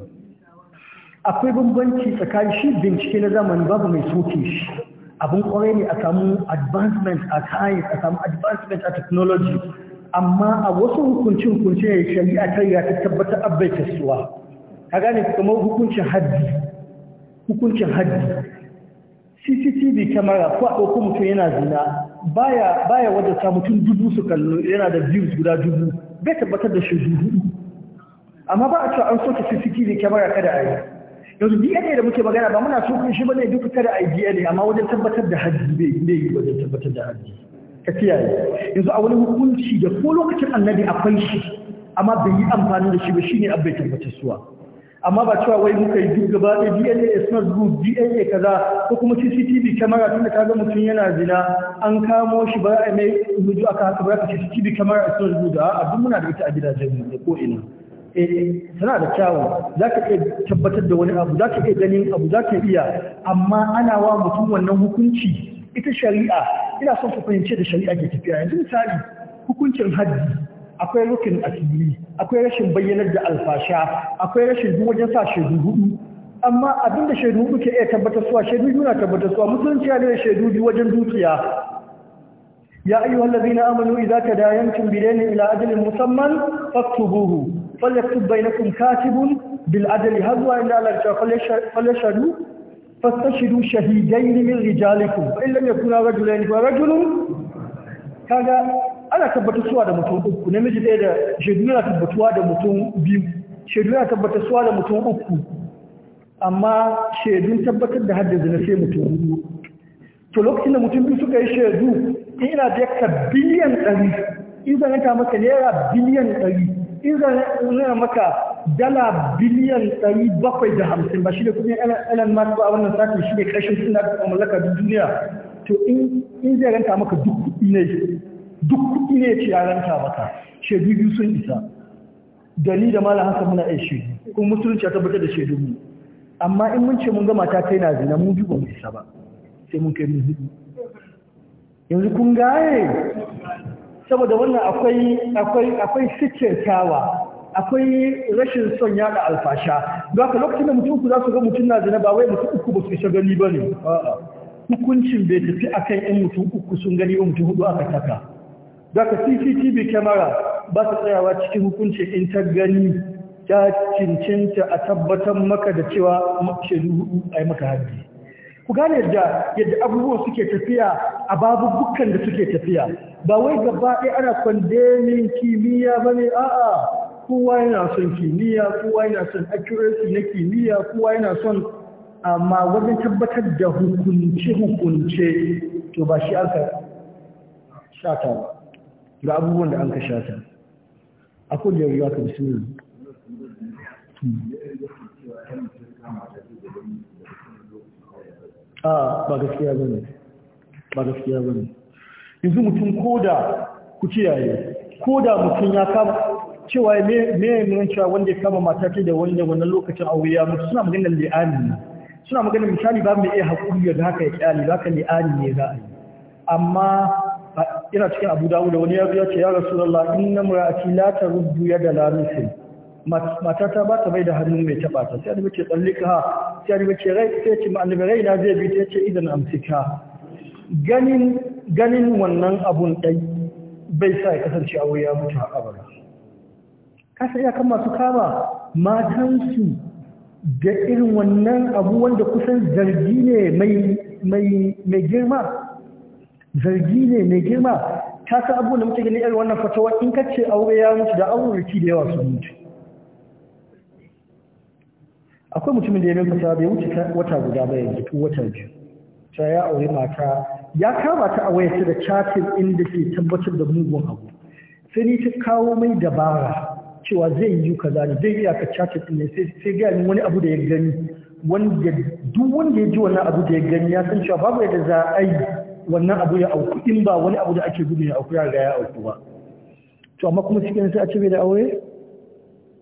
akwai bambanci tsakanin shi bincike na zamani babu mai soke shi abin kwarai ne a samu advancement a science a samu advancement a technology amma a wasu hukunci-hukunci ne shari'a ta riga ta tabbatar abai kasuwa ka gane kamar hukuncin haddi hukuncin haddi cctv kamara ko a ɗauko mutum yana zina baya baya wadata mutum dubu su kallo yana da views guda dubu bai tabbatar da shi dubu amma ba a cewa an soke cctv kamara kada a yi yanzu DNA da muke magana ba muna so shi bane duk kada ai DNA amma wajen tabbatar da haji bai bai yi wajen tabbatar da haji ka kiyaye yanzu a wani hukunci da ko lokacin annabi akwai shi amma bai yi amfani da shi ba shine bai tabbatar suwa amma ba cewa wai muka yi duk gaba ɗaya DNA is not good DNA kaza ko kuma CCTV camera tunda ka ga mutum yana zina an kamo shi ba a mai ruju aka haka ba ka CCTV camera is not good a duk muna da ita a gidajen mu ko ina Eh, tana da kyawun za ka iya tabbatar da wani abu za ka iya ganin abu za ka iya amma ana wa mutum wannan hukunci ita shari'a ina son ku fahimce da shari'a ke tafiya yanzu misali hukuncin hajji akwai rukin asiri akwai rashin bayyanar da alfasha akwai rashin duk wajen sa shaidu hudu amma abin da shaidu hudu ke iya tabbatar suwa shaidu biyu na tabbatar suwa musulunci ya ne shaidu biyu wajen dukiya ya ayyuhallazina amanu idza tadayantum bidaynin ila ajalin musamman faktubuhu falyaktub bainakum katibun bil adli hazwa inna Allah ta falyashhadu fastashhidu shahidayn min rijalikum in lam yakuna rajulayn fa rajulun kaga ana tabbatuwa da mutum uku namiji ɗaya da shaidu yana tabbatuwa da mutum biyu shaidu yana tabbatuwa da mutum uku amma shaidun tabbatar da haddasa na sai mutum biyu to lokacin da mutum biyu suka yi shaidu ina jakka biliyan ɗari in zanaka maka naira biliyan ɗari in zana maka dala biliyan 750 ba shi da kudin Elon Musk ba wannan sati shi ne kashin suna da mallaka duniya to in zai ranta maka duk kudi ne duk kudi ne ce ya ranta maka shaidu biyu sun isa da ni da malam haka muna iya shaidu kuma musulunci ya tabbatar da shaidu mu amma in mun ce mun gama ta kai na zina mun bi ba isa ba sai mun kai mun hudu yanzu kun gaye saboda wannan akwai akwai akwai sikirtawa akwai rashin son yada alfasha don haka lokacin da mutum ku za su ga mutum na zina ba wai mutum uku ba su isa gani ba ne hukuncin bai tafi akan in mutum uku sun gani ba mutum hudu aka taka don haka cctv camera ba ta tsayawa cikin hukuncin in ta gani ta cincinta a tabbatar maka da cewa shaidu hudu a yi maka haddi ku gane yadda yadda abubuwan suke tafiya a babubukan da suke tafiya ba wai gaba ɗaya ana kwandemin kimiyya ba ne a'a kowa yana son kimiyya kowa yana son accuracy na kimiyya kowa yana son amma wajen tabbatar da hukunce-hukunce to ba shi aka shata ba ga abubuwan da an ka shata a kullum ya ka bismillah hmm. a ba gaskiya ba ne ba gaskiya ba ne yanzu mutum ko da ku kiyaye da mutum ya kama cewa me me mun cewa wanda ya kama mata ce da wanda wannan lokacin aure ya mutu suna maganar li'ani suna maganar misali ba mu iya haƙuri da haka ya kyali ba ka li'ani ne za a yi amma ina cikin Abu da wani ya ce ya Rasulullah inna mar'ati la rubu ya da nusil mata ta ba ta bai da hannu mai taba ta sai da muke tsallika sai da muke rai sai ce annabi rai na zai bi ta ce idan amsika ganin ganin wannan abun dai bai sa ya kasance a wuya mutu a abara kasa iyakan masu kama matansu da irin wannan abu wanda kusan zargi ne mai girma zargi ne mai girma ta san abu da muke gani irin wannan fatawa in ka ce aure ya mutu da aure da yawa su mutu akwai mutumin da ya rinka bai wuce wata guda bai yanzu ko wata biyu ta ya aure mata ya kama ta a wayarta da chatin inda ke tabbatar da mugun abu sai ni ta kawo mai dabara cewa zai yi kaza ne zai iya ka chatin din sai sai ga wani abu da ya gani wanda duk wanda ya ji wannan abu da ya gani ya san cewa babu yadda za a yi wannan abu ya auku in ba wani abu da ake gudu ya auku ya ga ya auku ba to amma kuma cikin sai a ce bai da aure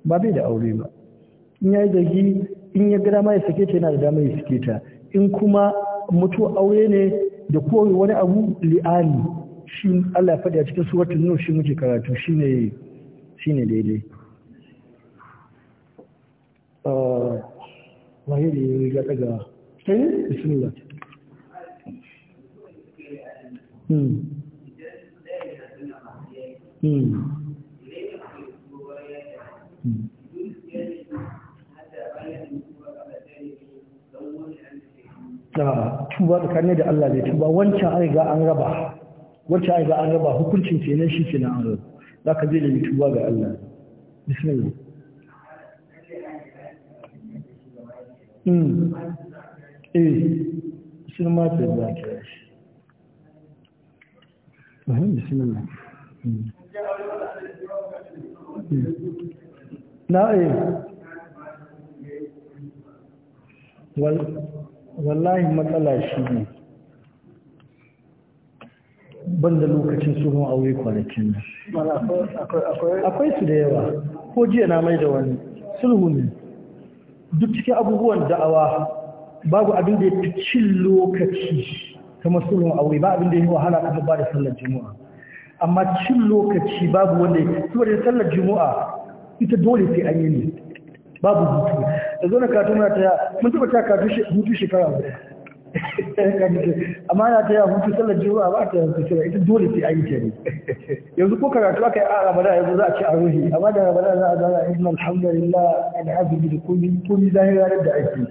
ba bai da aure ba in yayi zargi in ya gada ma ya sake ta yana da damar ya sake ta in kuma mutu aure ne da kowai wani abu li'ani shi Allah ya faɗi a cikin suwar tunu shi muke karatu shi ne daidai da yi ga daga sai bismillah hmm hmm, hmm. da tuba da tsakanin da Allah zai tuba wancan ai ga an raba wancan ai ga an raba hukuncin kenan shi kenan an raba za ka zai da tuba ga Allah bismillah mm eh shi ma ta da ke shi bismillah hmm. Hmm. na eh wal wallahi matsala shi ne ban da lokacin tsohon aure kwanakin nan akwai su da yawa ko jiya na mai da wani sulhu ne duk cikin abubuwan da'awa babu abin da ya fi cin lokaci kama sulhun aure ba abin da ya yi wahala kamar ba da sallar juma'a amma cin lokaci babu wanda ya fi sallar juma'a ita dole sai an yi ne babu hutu da zo na katu ta taya mun taba ta katu hutu shekara guda amma na taya hutu sallar juma'a ba ta yanzu shekara ita dole sai a yi ne yanzu ko karatu aka yi a ramadan yanzu za a ce a ruhi amma da ramadan za a zara in alhamdulillah al'azumi da komi komi ranar da ake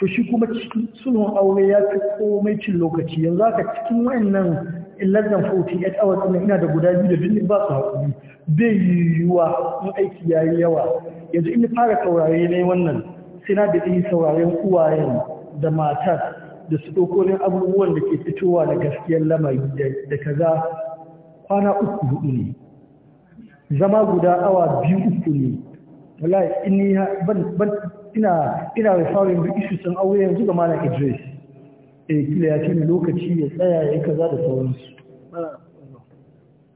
to shi kuma cikin sulhun aure ya fi komai cin lokaci yanzu haka cikin wayannan less than 48 hours ɗin ina da guda biyu da duk ba su haƙuri bai yiwuwa in aiki ya yi yawa yanzu in fara saurare ne wannan sai da daɗi saurayen uwayen da matar da su ɗaukonin abubuwan da ke fitowa da gaskiyar lamari da kaza kwana uku hudu ne zama guda awa biyu uku ne wallahi ina ina ina referring da issues aure yanzu ga malam Idris eh kila ya ce lokaci ya tsaya ya kaza da sauransu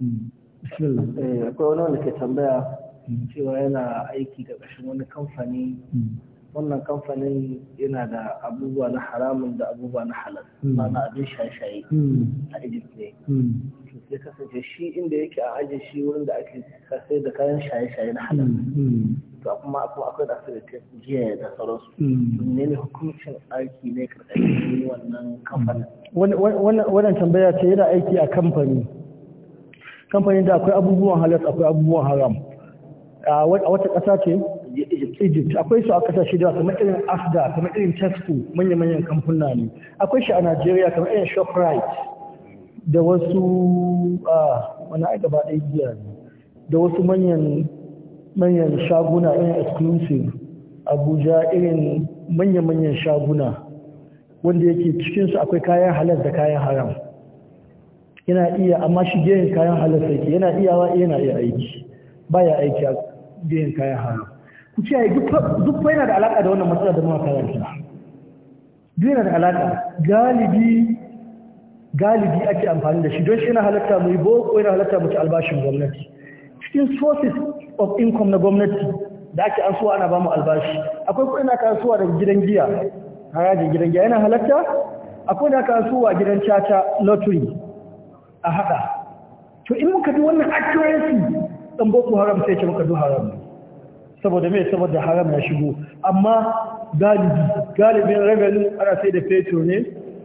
hmm. bismillah eh, akwai wani wanda ke tambaya hmm. cewa yana aiki da kashin wani kamfani hmm. wannan kamfanin yana da abubuwa na haramun da abubuwa na halal mana hmm. abin shashaye hmm. a egypt ne Ya hmm. kasance shi inda yake a ajiye shi wurin da ake sai da kayan shaye-shaye na halal to kuma akwai da asirin ta jiya da sauransu ne ne hukuncin aiki ne karkashin wannan kamfanin wannan tambaya ce yana aiki a kamfani kamfanin da akwai abubuwan halal akwai abubuwan haram a wata ƙasa ce egypt akwai su a kasashe da kamar irin afda kamar irin tesco manya-manyan kamfuna ne akwai shi a nigeria kamar irin shoprite da wasu a wani aika ba ɗaya ne da wasu manyan shaguna irin exclusive abuja irin manya-manyan shaguna wanda yake cikinsu akwai kayan halar da kayan haram yana iya amma shi gerin kayan halar sai yana iyawa yana iya aiki baya aiki a gerin kayan haram ku ce duk fa yana da alaƙa da wannan matsala da muka karanta duk yana da alaƙa galibi galibi ake amfani da shi don shi yana halatta mu yi boko yana halatta mu albashin gwamnati cikin sources of income na gwamnati da ake an suwa ana ba mu albashi akwai kuɗin yana kasuwa da gidan giya harajin gidan giya yana halatta akwai na kasuwa gidan caca lottery a haɗa to in muka ji wannan accuracy ɗan boko haram sai ce muka du haram saboda mai saboda haram na shigo amma galibi galibin revenue ana sai da fetur ne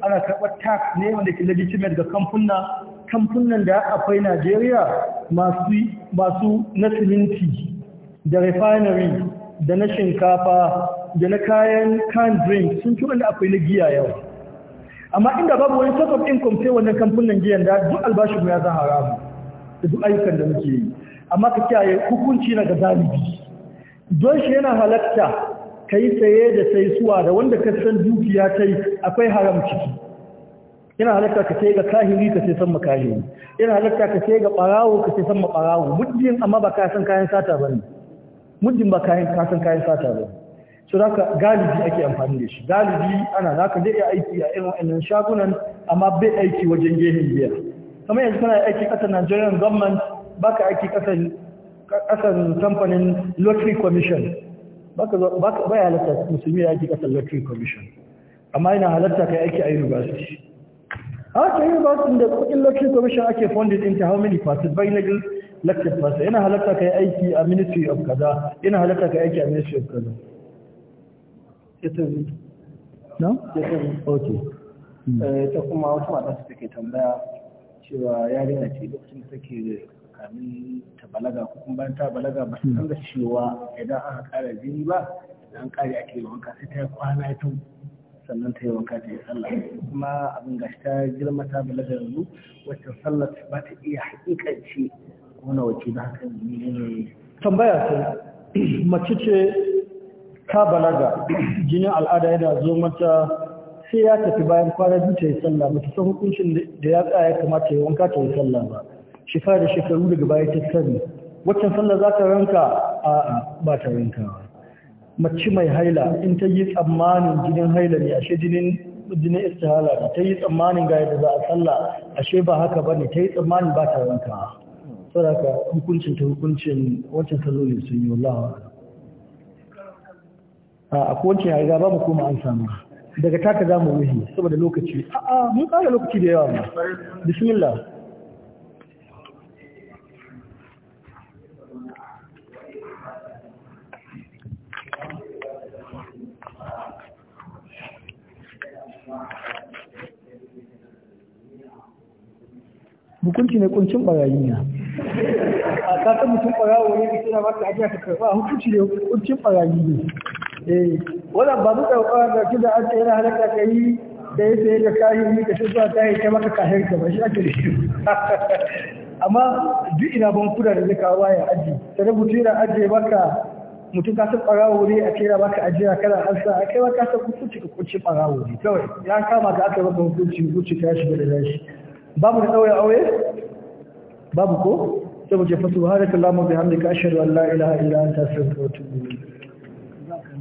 ana karɓar tax ne wanda ke legitimate ga kamfuna kamfunan da akwai Najeriya masu masu na siminti da refinery da na shinkafa da na kayan can drink sun ci wanda akwai na giya yau amma inda babu wani source of income sai wannan kamfunan giyan da duk albashin ya zan haramu da duk ayyukan da muke yi amma ka kiyaye hukunci na ga zalibi don shi yana halatta ka yi tsaye da sai suwa da wanda ka san dukiya ta yi akwai haram ciki yana halatta ka sai ga kahiri ka sai san makahiri yana halatta ka sai ga barawo ka sai san barawo muddin amma ba ka san kayan sata ba ne muddin ba kayan ka san kayan sata ba ne so zaka galibi ake amfani da shi galibi ana zaka zai aiki a irin wannan shagunan amma bai aiki wajen gehen biya kamar yanzu kana aiki kasar Nigerian government baka aiki kasar kasan kamfanin lottery commission ba ya halatta musulmi ya ake kasan lottery commission amma yana halatta kai aiki a university a ta university da kudin lottery commission ake funded into how many passes by legal lecture passes yana halatta kai aiki a ministry of kaza yana halatta kai aiki a ministry of kaza no? okay eh, ta kuma wata mata suke tambaya cewa yarinya ce lokacin da take kamin ta balaga ko kuma ta balaga ba su san cewa idan aka kara jini ba an kare ake yi wanka sai ta yi kwana ta sannan ta yi wanka ta yi sallah kuma abin gashi ta girma ta balaga yanzu wacce sallar ba ta iya hakikanci kuma na wace da haka ne tambaya ce mace ce ta balaga jinin al'ada yana zo mata sai ya tafi bayan kwana biyu ta yi sallah ba san hukuncin da ya tsaya ya kamata ya wanka ta yi sallah ba shifa da shekaru daga baya ta sani waccan sallar za ta ranka a ba ta rankawa mace mai haila in ta yi tsammanin jinin haila ne ashe jinin jinin istihala ne ta yi tsammanin ga yadda za a sallah ashe ba haka ba ne ta yi tsammanin ba ta ranka. saboda hukuncin ta hukuncin wancan salloli sun yi wallahi a kowace riga ba mu koma an samu daga taka za mu wuhi saboda lokaci a'a mun kare lokaci da yawa ma bismillah hukunci ne kuncin barayi na a kasan mutum barawo ne bikin na maka ajiya ka karba hukunci ne kuncin barayi ne eh wannan ba duka kwarar da an tsaye na halaka ka yi da ya tsaye da kayan yi ta shi zuwa ta yi ta maka kayan ka bashi ake da shi amma duk ina ban kuda da zai kawo ya aji ta rubuta yana ajiye maka mutum ka san ɓarawo wuri a kera baka ajiya kana an sa a kai ka san hukunci ka kunci ɓarawo wuri kawai ya kama ka aka raba hukunci hukunci ka shiga da nashi babu da ɗaure aure babu ko sai mu ce fasu har da kallon mu bi hamdika ka an la ila illa anta astaghfiruka wa atubu ilayk